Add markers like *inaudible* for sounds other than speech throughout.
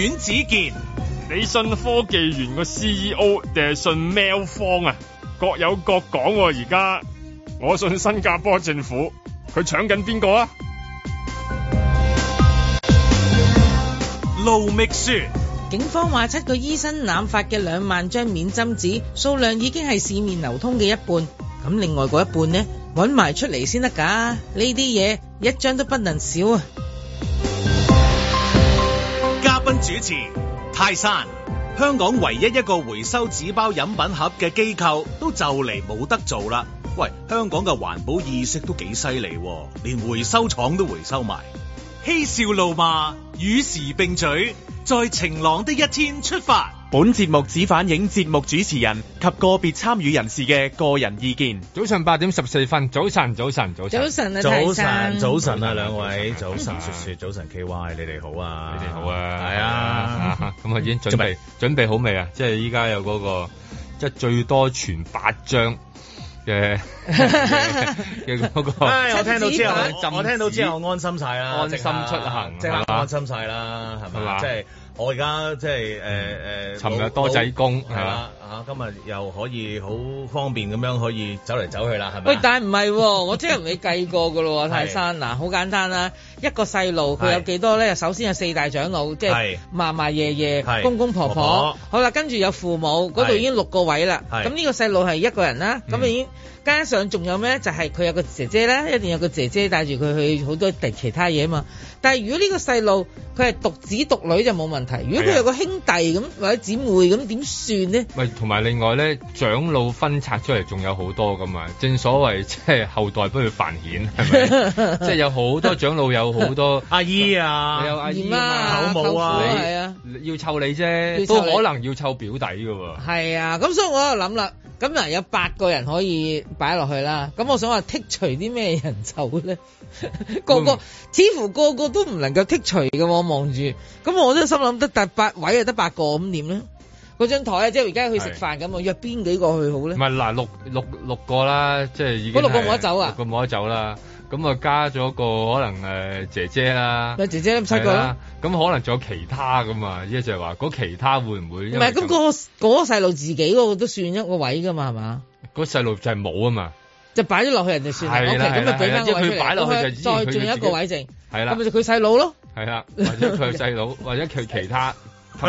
阮子健，你信科技園個 C E O 定係信 Mel 方啊？各有各講喎、啊，而家我信新加坡政府，佢搶緊邊個啊？盧覓雪，警方話七個醫生濫發嘅兩萬張免針紙數量已經係市面流通嘅一半，咁另外嗰一半呢，搵埋出嚟先得噶，呢啲嘢一張都不能少啊！主持泰山，香港唯一一個回收紙包飲品盒嘅機構都就嚟冇得做啦。喂，香港嘅環保意識都幾犀利，連回收廠都回收埋。嬉笑怒罵，與時並舉，在晴朗的一天出發。本節目只反映節目主持人及個別參與人士嘅個人意見早8。早上八點十四分，早晨，早晨，早晨，早晨啊，早晨，早晨啊，兩位，早晨，說說，早晨，K Y，你哋好啊，你哋好啊，係啊，咁我、啊啊啊嗯嗯、已經準備準備，準備好未啊？即係依家有嗰、嗰個，即係最多傳八張嘅嘅個。 *laughs* 我聽到之後，我聽到之後我安心晒啦，安心出行，即刻安心晒啦，係咪？即係。我而家即係誒誒，尋、呃、日、嗯、多仔工係嘛？啊、嗯嗯，今日又可以好方便咁樣可以走嚟走去啦，係咪？喂，但係唔係喎， *laughs* 我即刻同你計過噶咯， *laughs* 泰山嗱，好、啊、簡單啦、啊，一個細路佢有幾多咧？首先有四大長老，即係嫲嫲、爺爺、公公、婆婆，婆婆好啦、啊，跟住有父母，嗰度已經六個位啦。咁呢個細路係一個人啦、啊，咁已經加上仲有咩？就係、是、佢有個姐姐咧，一定有個姐姐帶住佢去好多其他嘢啊嘛。但係如果呢個細路佢係獨子獨女就冇問題，如果佢有個兄弟咁、啊、或者姊妹咁點算呢？咪同埋另外咧，長老分拆出嚟仲有好多噶嘛，正所謂即係後代不如繁衍，係 *laughs* 咪不是？ *laughs* 即係有好多長老有好多阿姨啊， *laughs* *laughs* 有阿姨媽媽媽媽啊，舅母啊，係啊，要湊你啫，都可能要湊表弟噶喎。係啊，咁所以我喺度諗啦。咁嗱，有八個人可以擺落去啦。咁我想話剔除啲咩人走咧？ *laughs* 個個似乎個個都唔能夠剔除嘅喎，我望住。咁我都心諗得，但八位又得八個，咁點咧？嗰張台即係而家去食飯咁，約邊幾個去好咧？唔係嗱，六六六個啦，即係已經嗰六個冇得走啊！六個冇得走啦。咁啊，加咗個可能誒，姐姐啦，姐姐咁七個啦咁可能仲有其他噶嘛？一就係話嗰其他會唔會？唔係，咁嗰嗰個細路、嗰個、自己嗰個都算一個位噶嘛？係嘛？嗰細路就係冇啊嘛，就擺咗落去人哋算係啦，咁咪俾翻位出嚟。再仲有一個位剩，係啦，咁咪就佢細佬咯。係啦，或者佢細佬， *laughs* 或者佢其他及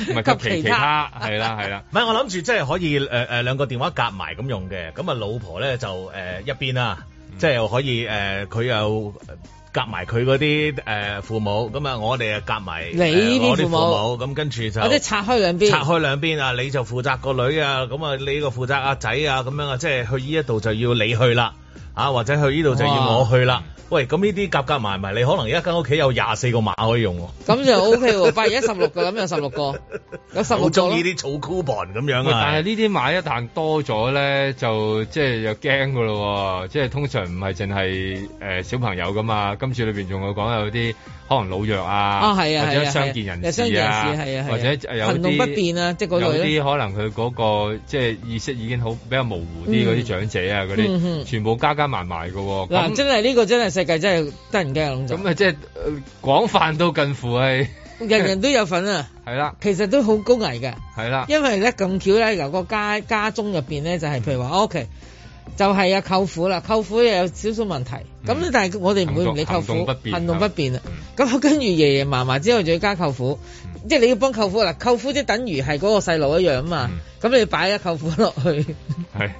其唔係及其他，係啦係啦。唔係 *laughs* *laughs* 我諗住即係可以誒誒兩個電話夾埋咁用嘅。咁、呃、啊，老婆咧就誒一邊啦。即係又可以誒，佢、呃、又夾埋佢嗰啲誒父母，咁啊我哋啊夾埋你我啲父母，咁、呃、跟住就我啲拆開兩邊，拆開兩邊啊！你就負責個女啊，咁啊你個負責阿仔啊，咁樣啊，即係去依一度就要你去啦。啊，或者去呢度就要我去啦。喂，咁呢啲夾夾埋埋，你可能一間屋企有廿四個碼可以用喎、啊 OK。咁就 O K 喎，八廿一十六個，咁有十六個。好中意呢啲草 coupon 咁樣啊！但係呢啲碼一旦多咗咧，就即係又驚㗎咯。即係、啊、通常唔係淨係誒小朋友㗎嘛，今次裏面仲會講有啲。可能老弱啊、哦、啊，或者傷健人士啊，或者有些行動不便啊，即、就、嗰、是、有啲可能佢嗰、那個即係、就是、意識已經好比較模糊啲嗰啲長者啊，嗰、嗯、啲全部加加埋埋喎。嗱、啊，真係呢個真係世界真係得人驚咁就是。咁、呃、啊，即係廣泛都近乎係人人都有份啊。係 *laughs* 啦、啊，其實都好高危嘅。係啦、啊，因為咧咁巧咧，由個家家中入面咧，就係、是、譬如話、嗯啊、ok 就係、是、啊，舅父啦，舅父又有少少問題，咁、嗯、但係我哋唔會唔理舅父行動不便啊，咁、嗯、跟住爺爺嫲嫲之後，就要加舅父，嗯、即係你要幫舅父嗱，舅父即係等於係嗰個細路一樣啊嘛，咁、嗯、你擺一舅父落去。係。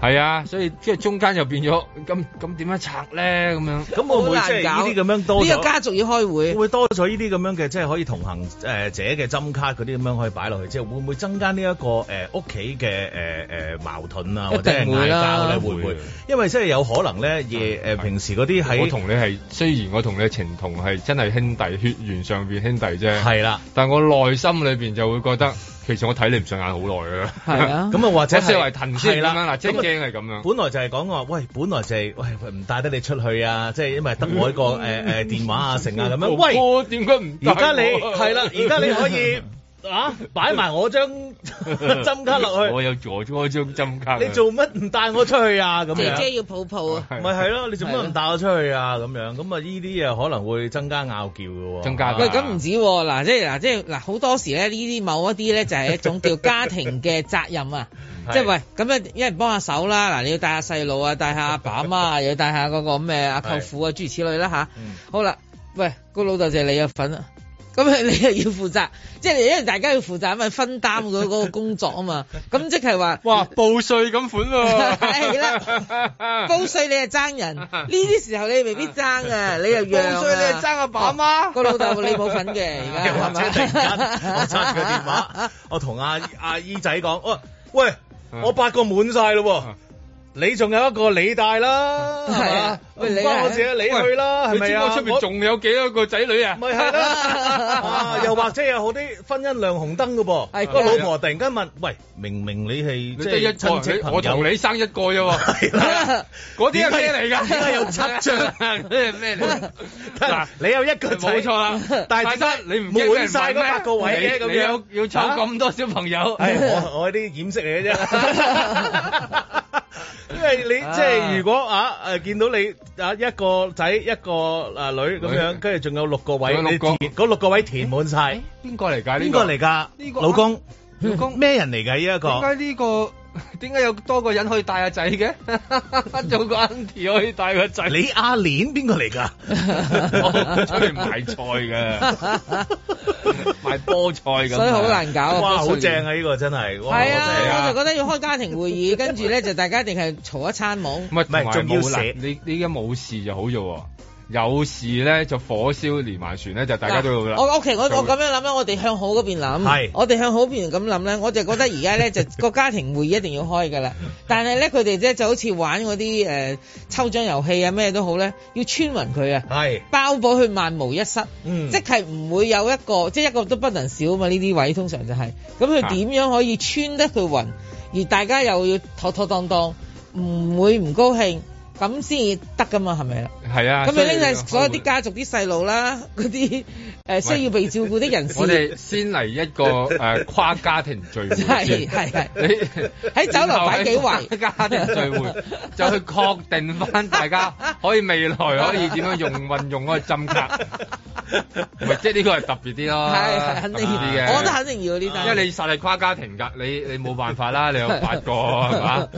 係啊，所以即係中間又變咗咁，咁點樣拆咧？咁樣咁會唔會即係呢啲咁樣多咗。呢、這個家族要開會，會，會多咗呢啲咁樣嘅，即、就、係、是、可以同行誒者嘅針卡嗰啲咁樣可以擺落去，即、就、係、是、會唔會增加呢、這、一個誒屋企嘅誒誒矛盾啊？會啦，或者係嗌交咧？會唔會，會？因為即係有可能咧，而誒、呃、平時嗰啲喺我同你係，雖然我同你情同係真係兄弟，血緣上邊兄弟啫。係啦，但我內心裏邊就會覺得。其實我睇你唔順眼好耐啦，係啊，咁 *laughs* 啊或者係為騰先咁驚係咁樣，係啊係啊、正正是樣，本來就係講我話，喂，本來就係、是、喂，唔帶得你出去啊，即、就、係、是、因為得我一個誒誒、 *laughs* 呃、電話啊，剩啊咁樣哥哥，喂，點解唔而家你係啦，而家、啊、你可以。 *laughs* 啊！擺埋我張針卡落去， *laughs* 我又坐咗我張針卡去。你做乜唔帶我出去啊？咁姐姐要抱抱啊！咪係咯，你做乜唔帶我出去啊？咁樣咁啊，呢啲啊可能會增加拗撬噶。增加喂，咁 *laughs* 唔、嗯、止嗱、啊，即係嗱，即係嗱，好多時咧呢啲某一啲咧就係一種叫家庭嘅責任啊！ *laughs* 即係喂，咁樣一人幫下手啦！嗱，你要帶下細路啊，帶下阿爸阿媽啊，又要帶下嗰個咩阿舅父啊，諸 *laughs* 如此類啦、啊、吓、嗯。好啦，喂，個老豆就你份啊。咁你又要負責，即係因為大家要負責，咁啊分擔嗰嗰個工作啊嘛。咁即係話哇，報稅咁款喎、啊，係啦，報稅你係爭人，呢 *laughs* 啲時候你未必爭啊，你又讓、啊。報稅你係爭阿爸阿媽，個老豆你冇份嘅，而 *laughs* 家。我揸住個電話， *laughs* 我同阿姨 *laughs* 阿姨仔講哦，喂，我八個滿晒咯喎。 *laughs* 你仲有一個李大啦，係啊，幫我試下李去啦，係咪啊？出面仲有幾多個仔女呀、啊？咪係啦，又或者有好啲婚姻亮紅燈嘅噃，個老婆突然間問，喂，明明你係即係親戚朋友、哦、我同你生一個㗎喎，嗰啲乜嘢嚟㗎？點 *laughs* 解 *laughs* 有七張、 *laughs* 啊 *laughs* 啊？你有一個仔冇錯啦、啊，但係真你唔驚唔係咩？你，你，你、啊、要湊咁多小朋友？ *laughs* 哎、我我啲掩飾嚟嘅啫。 *laughs* *laughs* 因為你即係、就是、如果啊誒見到你啊一個仔一個啊女咁樣，跟住仲有六個位，個你填嗰六個位填滿晒。邊、欸欸呢個嚟噶？邊、呢個嚟、啊、噶？呢個老公，老公咩人嚟噶？呢、呢、一個？點解呢個？點解有多個人可以帶阿仔嘅？有 *laughs* 個 uncle 可以帶個仔。你阿蓮邊個嚟噶？ *laughs* 來的 *laughs* *laughs* 出去買菜嘅，賣 *laughs* 菠菜咁。所以好難搞啊。哇，好正啊！呢個真係。係啊，我就覺得要開家庭會議，跟住咧就大家一定係嘈一餐冇。唔係，唔係，仲要寫你，你而家冇事就好咗。有事咧就火燒連環船咧，就大家都 okay，會啦。我屋企我我咁樣諗咧，我哋向好嗰邊諗。係，我哋向好邊咁諗咧，我就覺得而家咧就個家庭會議一定要開㗎啦。 *laughs* 但係咧，佢哋即就好似玩嗰啲誒抽獎遊戲啊，咩都好咧，要穿勻佢啊。係，包保佢萬無一失。嗯，即係唔會有一個即係一個都不能少啊嘛。呢啲位通常就係、是、咁，佢點樣可以穿得佢勻，而大家又要妥妥當當，唔會唔高興。咁先得噶嘛，係咪啊？係啊！咁你拎曬所有啲家族啲細路啦，嗰啲誒需要被照顧啲人士。我哋先嚟一個誒、呃、跨，跨家庭聚會，喺喺酒樓擺幾圍家庭聚會，就去確定翻大家可以未來可以點樣用 *laughs* 運用嗰、 *laughs* 這個針卡。唔係，即係呢個係特別啲咯。係肯，肯定要嘅，我覺得肯定要呢單。因為你實係跨家庭㗎， *laughs* 你你冇辦法啦，你有八個係嘛？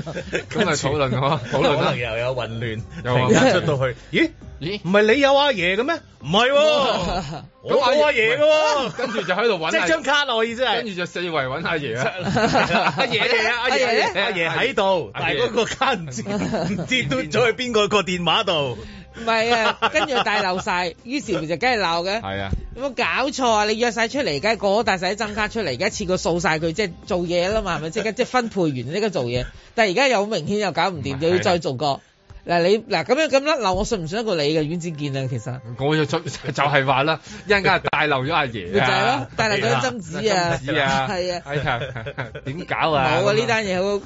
咁咪討論咯，討論 *laughs* 論了 *laughs* 又有亂又然出到去、啊，咦、欸、咦？唔係你有阿爺嘅咩？唔係、啊，我我阿爺嘅喎、啊。跟住就喺度揾，即係張卡啦，我意思係，跟住就四圍揾阿、, *laughs* 啊啊、阿爺啊！阿爺嚟啊！阿、啊啊、爺阿、啊啊、爺喺、啊、度、啊啊啊，但係嗰個卡唔知唔知跌咗去邊個個電話度 *laughs* 。唔、啊、係啊, *laughs* 啊，跟住大帶漏曬，於是咪就梗係鬧嘅。係啊，有冇搞錯啊？你約晒出嚟，梗 *laughs* 家個大細都增加出嚟，而家全部掃晒佢，即係做嘢啦嘛，係咪？即刻即分配完，即刻做嘢。但係而家又好明顯又搞唔掂，又要再做過。嗱你嗱咁樣咁啦，嗱我信唔信得過你嘅袁子健啊？其實我 *laughs* *laughs* 就就係話啦，一陣間帶漏咗阿爺、啊，係就係咯，帶 *laughs* 漏咗針紙啊，針、啊、紙啊，係啊，係 *laughs* 啊、哎呀，點 *laughs* 搞啊？冇啊！呢單嘢永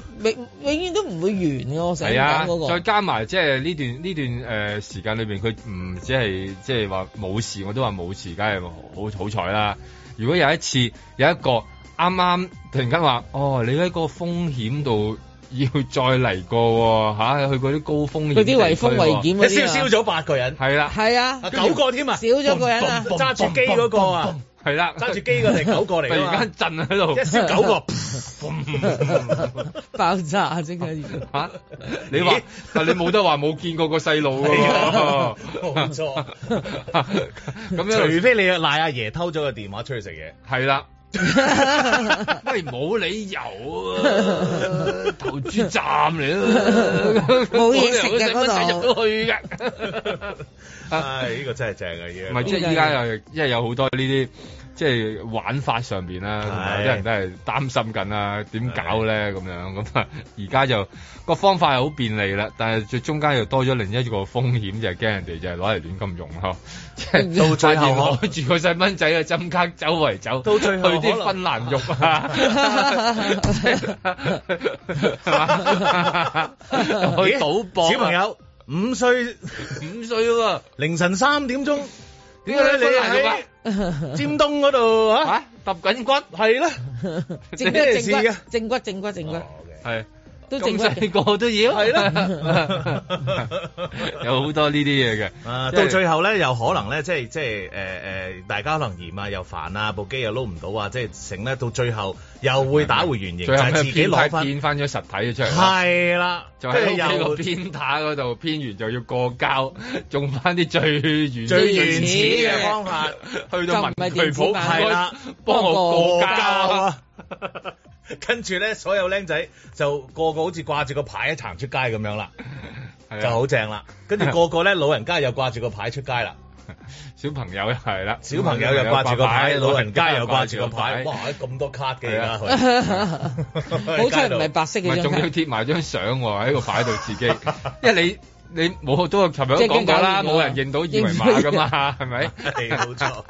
永遠都唔會完嘅，我成日講再加埋即係呢段呢 *laughs* 段誒時間裏邊，佢唔只係即係話冇事，我都話冇事，梗係好好彩啦。如果有一次有一個啱啱突然間話，哦，你喺個風險度。要再嚟過吓，去過啲高峰風險、去啲危風危險嗰啲一燒燒咗八個人，係啦、啊，係啊，啊，啊，啊，啊，啊，啊，啊，啊，九個添啊，少咗個人啊，揸住機嗰個啊，係啦，揸住機嗰個嚟九個嚟、啊，突然間震喺度，一燒九個，爆炸！真係嚇，你話啊？你冇得話冇見過個細路喎，冇錯、啊。咁樣除非你賴阿爺偷咗個電話出去食嘢，係啦。喂 *laughs* 由、啊，冇 *laughs* *laughs* 理由，啊，投注站嚟咯，冇嘢成日都去噶，唉、 *laughs* *laughs* 哎，呢、呢個真係正嘅嘢，唔係即係依家又因為有好多呢啲。即係玩法上面啦、啊，有啲人都係擔心緊啊，點搞咧咁樣？咁啊，而家就個方法係好便利啦，但係最中間又多咗另一個風險，就係、是、驚人哋就係攞嚟亂咁用呵、啊，即 *laughs* 係到最後攞住個細蚊仔嘅針卡走嚟走， *laughs* *laughs* 到去啲芬蘭用。 *laughs* *laughs* *laughs* *laughs* *laughs* *laughs* *laughs* *laughs* *laughs* 啊，去賭博，小朋友五歲，五歲、啊、 *laughs* 凌晨三點鐘。點解你喺尖東嗰度吓揼緊骨？係啦，正正骨嘅，正骨正骨正骨，係。都正細個都要，係、啊、啦、啊啊啊，有好多呢啲嘢嘅。啊，到最後咧，又可能咧，即係即係誒誒大家可能嫌啊，又煩啊，部機又撈唔到啊，即係成咧，到最後又會打回原形，就係自己攞翻變翻咗實體咗出嚟。係啦，就係喺個編塔嗰度編完就要過膠，用翻啲最原始、最原始嘅方法 *laughs* 去到文具鋪，係啦，幫我過膠啊！ *laughs* 跟住咧，所有僆仔就個個好似掛住個牌一行出街咁樣啦，就好正啦。跟住個個咧，老人家又掛住個牌出街啦，小朋友又係啦，小朋友又掛住個牌，老人家又掛住個牌，牌。哇！咁多卡嘅而家，嘅，好似唔係白色嘅，仲要貼埋張相喺個牌度自己， *laughs* 因為你。你冇都係尋日都講過啦，冇人認到二維碼㗎嘛，係 *laughs* 咪不是？冇錯。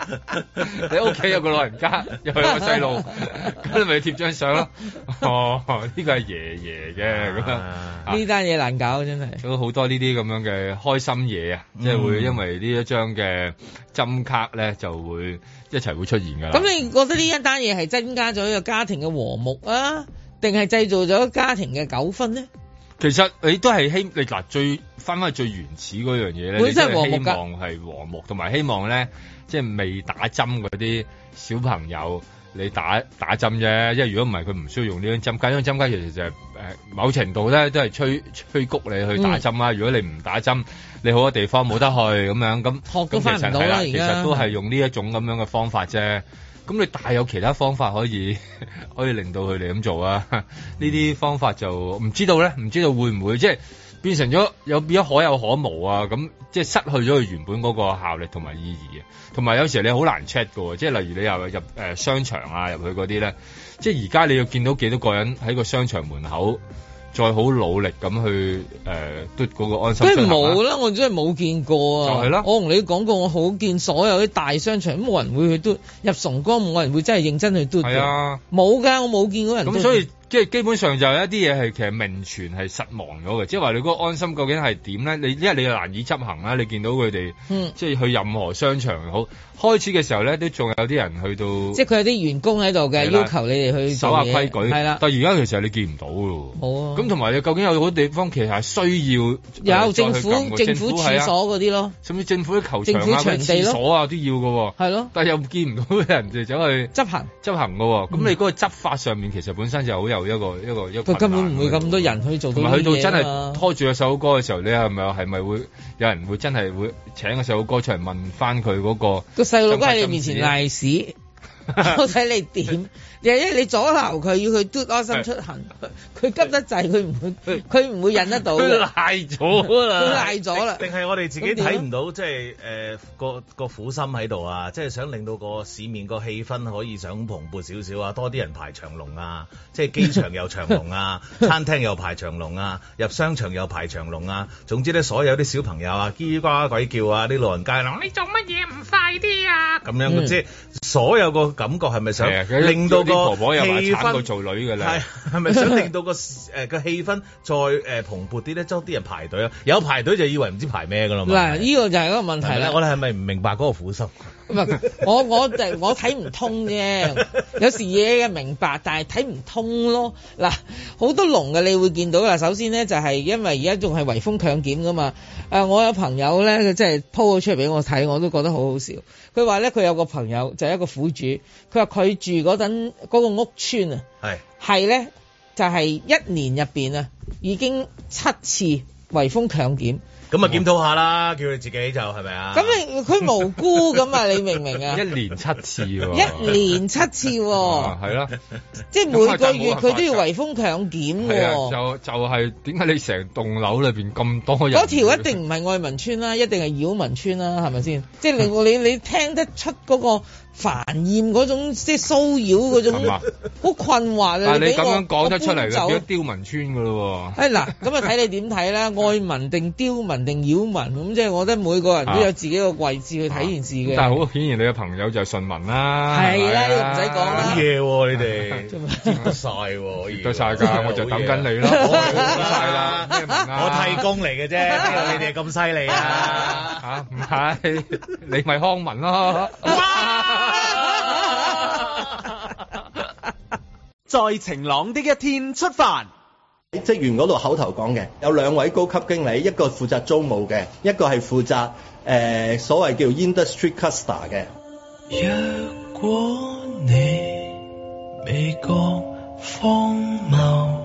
你屋企有個老人家， *laughs* 又有個細路，咁 *laughs* 你咪貼張相咯。 *laughs* 哦，呢、這個係爺爺嘅，咁樣呢單嘢難搞真係。有好多呢啲咁樣嘅開心嘢啊、嗯，即係會因為張呢一張嘅針卡咧，就會一齊會出現㗎啦。咁你覺得呢一單嘢係增加咗一個家庭嘅和睦啊，定係製造咗家庭嘅糾紛咧？其實你都係希你嗱最翻翻去最原始嗰樣嘢咧，你都係希望係和睦，同埋希望咧，即係未打針嗰啲小朋友，你打打針啫。因為如果唔係，佢唔需要用呢張針卡，因為針卡其實就係某程度咧，都係催催谷你去打針啦、嗯。如果你唔打針，你好多地方冇得去咁樣，咁咁其實係啦，其實都係用呢一種咁樣嘅方法啫。咁你大有其他方法可以可以令到佢哋咁做啊？呢啲方法就唔知道咧，唔知道會唔會即係變成咗有變咗可有可無啊？咁即係失去咗佢原本嗰個效力同埋意義啊！同埋有，有時候你好難 check 嘅喎，即係例如你又入誒商場啊，入去嗰啲咧，即係而家你要見到幾多個人喺個商場門口？再好努力咁去誒嘟嗰個安心，梗係冇啦！我真係冇見過啊！就係啦，我同你講過，我好見所有啲大商場，冇人會去嘟入崇光，冇人會真係認真去篤啊。冇噶，我冇見過人。咁所以。即係基本上就有一啲嘢係其實名存係實亡咗嘅，即係話你嗰個安心究竟係點咧？你因為你又難以執行啦，你見到佢哋，嗯，即係去任何商場好，開始嘅時候咧都仲有啲人去到，即係佢有啲員工喺度嘅，要求你哋去守下規矩，係啦。但係而家其實你見唔到嘅喎，好啊。咁同埋你究竟有好多地方其實係需要有政府政府廁所嗰啲咯，甚至政府啲球場啊、場所啊都要㗎喎，係咯。但係又見唔到人哋走去執行執行㗎喎，咁你嗰個執法上面其實本身就好有。一個一個一個，佢根本唔會咁多人去做到嘢啊，唔係去到真係拖住嗰首歌嘅時候，你係咪係咪會有人會真係會請嗰首歌出嚟問翻佢嗰個個細路都喺你面前賴屎。 *laughs* 我睇你點， *laughs* 因為你阻撓佢要佢 do 安心出行，佢急得滯，佢唔會佢唔會忍得到。佢 *laughs* 賴咗了啦， *laughs* 賴咗了啦，定係我哋自己睇唔到，即係誒、呃、個個苦心喺度啊！即係想令到個市面個氣氛可以想蓬勃少少啊，多啲人排長龍啊，即係機場又長龍啊， *laughs* 餐廳又排長龍啊， *laughs* 入商場又排長龍啊，總之咧所有啲小朋友啊，呱呱鬼叫啊，啲老人家啦你做乜嘢唔快啲啊？咁樣、嗯、即係所有個。感覺係咪想令到個婆婆又個氣氛做女㗎啦？係係咪想令到個誒個氣氛再誒蓬勃啲咧？將啲人排隊啊！有排隊就以為唔知排咩噶啦嘛～嗱，呢個就係一個問題啦。我哋係咪唔明白嗰個苦心？ *laughs* 我我就我睇唔通啫， *laughs* 有時嘢嘅明白，但係睇唔通咯。嗱，好多龍嘅你會見到啦。首先咧就係、是，因為而家仲係圍封強檢噶嘛。誒、呃，我有朋友咧，即係係鋪咗出嚟俾我睇，我都覺得好好笑。佢話咧，佢有個朋友就係、是，一個苦主，佢話佢住嗰等嗰個屋邨啊，係係咧就係、是，一年入邊啊，已經七次圍封強檢。咁啊，檢討下啦，叫佢自己就係咪啊？咁你佢無辜咁啊， *laughs* 你明唔明啊？一年七次喎、啊！ *laughs* 一年七次喎、啊！係 *laughs* 咯、啊啊，即係每個月佢都要圍封強檢喎、啊 *laughs* 啊。就就係點解你成棟樓裏面咁多人？嗰條一定唔係愛民村啦、啊，一定係擾民村啦、啊，係咪先？ *laughs* 即係你你你聽得出嗰、那個？煩厭嗰種，即係騷擾嗰種，好困惑啊！你咁樣講得出嚟，佢變咗刁民村噶咯喎！嗱、哎，咁啊睇你點睇啦？ *laughs* 愛民定刁民定擾民？咁即係我覺得每個人都有自己個位置去睇件事嘅。但係好顯然你嘅朋友就係順民啦，係啦、啊，唔使講好嘢喎，你哋接唔晒喎，接唔晒噶，我就等緊你啦，晒啦，我替工嚟嘅啫，你哋咁犀利啊？吓唔係你咪康民咯？在晴朗的一天出發。喺職員嗰度口頭講嘅，有兩位高級經理，一個負責租務嘅，一個係負責誒、呃、所謂叫 industry customer 嘅。若果你荒謬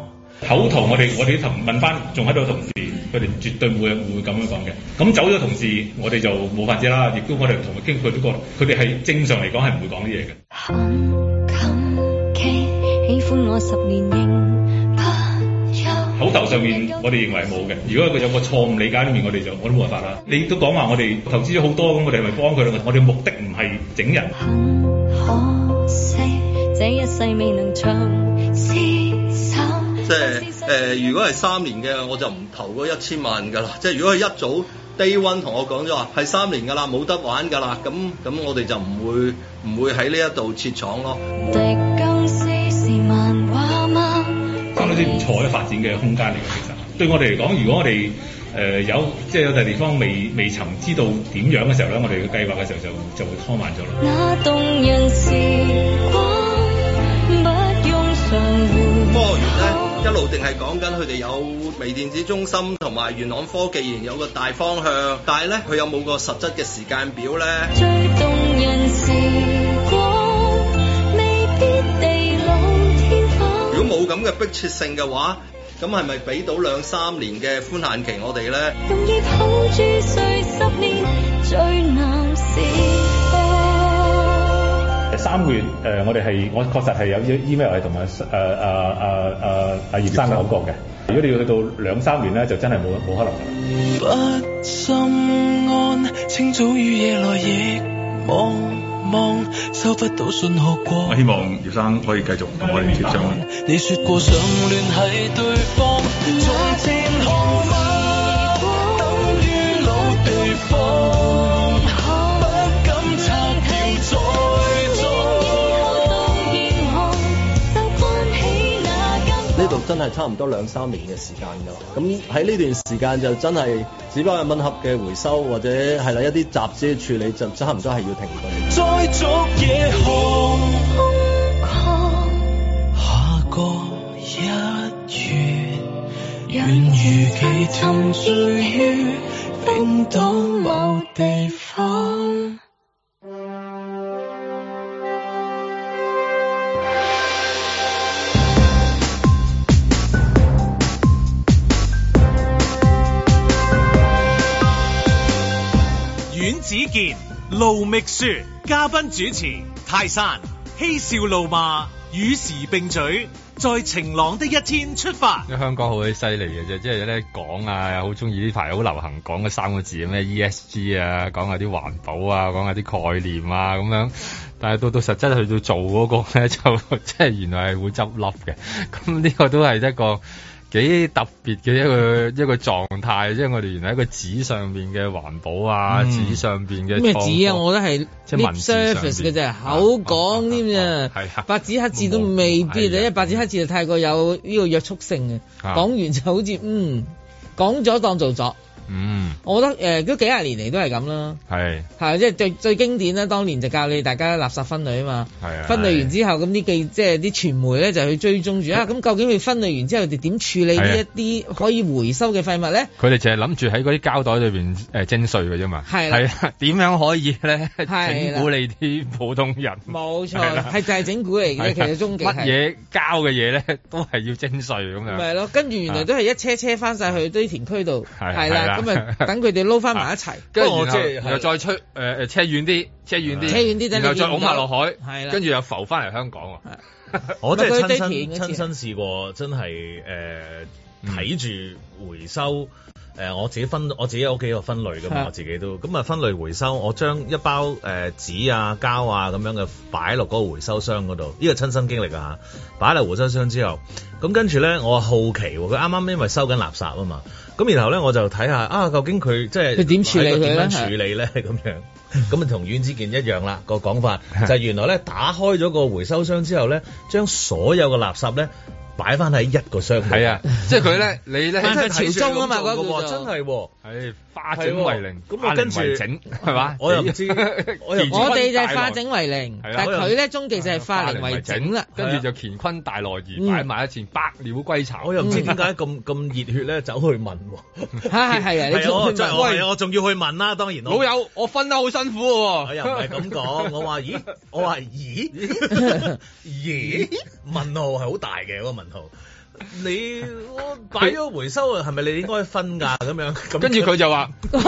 口頭我哋我哋啲問翻仲喺度同事，佢哋絕對唔會唔會咁樣講嘅。咁走咗同事，我哋就冇法子啦。亦都我哋同佢傾，佢都覺佢哋係正常嚟講係唔會講啲嘢嘅。 *laughs* 我十年仍不休。口頭上面我哋認為冇嘅，如果佢有個錯誤理解呢面，我哋就我都冇辦法啦。你都講話我哋投資咗好多咁，我哋咪幫佢咯。我哋目的唔係整人。很可惜。一世未能即係誒，如果係三年嘅，我就唔投嗰一千萬噶啦。即係如果佢一早低 a 同我講咗話係三年噶啦，冇得玩噶啦。咁咁，我哋就唔會唔會喺呢一度設廠咯。啲唔錯嘅發展嘅空間嚟嘅，其實對我哋嚟講，如果我哋誒、呃、有即係、就是、有啲地方未未曾知道點樣嘅時候咧，我哋嘅計劃嘅時候就就會拖慢咗咯。科學園咧一路定係講緊佢哋有微電子中心同埋元朗科技園有個大方向，但係咧佢有冇個實質嘅時間表咧？最動人咁嘅迫切性嘅話，咁係咪俾到兩三年嘅寬限期我哋咧？誒三個月、呃、我哋係我確實係有 email 係同埋誒誒誒誒阿葉生講過嘅。如果你要去到兩三年咧，就真係冇冇可能嘅。不我希望姚生可以繼續同我哋接上。真係差唔多兩三年嘅時間㗎喇，咁喺呢段時間就真係只不過係銘盒嘅回收或者係啦一啲雜誌嘅處理就差唔多係要停咗。子健、盧覓雪，嘉賓主持泰山，嬉笑怒罵，與時並舉，在晴朗的一天出發。香港好鬼犀利嘅啫，即係咧講啊，好中意呢排好流行講嘅三個字咩 E S G 啊，講下啲環保啊，講下啲概念啊咁樣。但係到到實質去到做嗰個咧，就即係原來係會執笠嘅。咁呢個都係一個。幾特別嘅一個一個狀態，即係我哋原來喺個紙上面嘅環保啊，紙、嗯、上面嘅咩紙啊，我覺得係 surface 嘅啫，就是啊、口講添啊，啊，啊，啊，白紙黑字都未必你一、啊、白紙黑字就太過有呢個約束性嘅，講、啊、完就好似嗯講咗當做咗。嗯，我覺得誒、呃、都幾廿年嚟都係咁啦，係係即係最最經典啦。當年就教你大家垃圾分類啊嘛，係啊。分類完之後，咁啲、啊、即係啲傳媒咧就去追蹤住啊。咁、啊、究竟佢分類完之後，佢點處理呢一啲可以回收嘅廢物咧？佢哋淨係諗住喺嗰啲膠袋裏面誒徵稅嘅啫嘛，係啦、啊。點、啊、樣可以咧整蠱你啲普通人？冇錯，係就係整蠱嚟嘅。其實中、啊、極乜嘢膠嘅嘢咧，都係要徵稅咁樣。係咯、啊啊，跟住原來都係一車車翻晒去堆填區度，係啦、啊。咁 *laughs* 等佢哋撈翻埋一齊，跟住然後又再出誒誒，車遠啲，車遠啲，車遠啲，然後再拱埋落海，跟、呃、住又浮翻嚟香港。香港 *laughs* 我真係親身親身試過，真係誒睇住回收誒、嗯呃，我自己分，我自己屋企有分類噶嘛，我自己都咁啊，分類回收，我將一包誒紙、呃、啊、膠啊咁樣嘅擺落嗰個回收箱嗰度，呢、這個親身經歷啊嚇！擺落回收箱之後，咁跟住咧，我好奇佢啱啱因為收緊垃圾啊嘛。咁然後咧，我就睇下啊，究竟佢即係佢點處理咧？點樣處理咧？咁樣咁啊，同阮子健一樣啦， *laughs* 個講法就係、是、原來咧，打開咗個回收箱之後咧，將所有嘅垃圾咧擺翻喺一個箱度。係啊， *laughs* 即係佢咧，你咧，佢係潮係啊嘛，嗰、那個、真係喎、哦。化、哦、整為零，咁啊跟住整係嘛？我又知， *laughs* 我哋就係化整為零、啊，但係佢咧終極就係化零為整啦、啊。跟住就乾坤大挪移，擺埋一前百鳥歸巢。我又唔知點解咁咁熱血咧，走去問。係 *laughs* 係啊，你仲去歸我仲要去問啦，當然我老友，我分得好辛苦嘅。我又唔係咁講， *laughs* 我話咦，我話咦咦，問 *laughs* 號係好大嘅嗰、那個問號。你我擺咗回收啊，係咪你應該分㗎咁樣？跟住佢就話、呃：，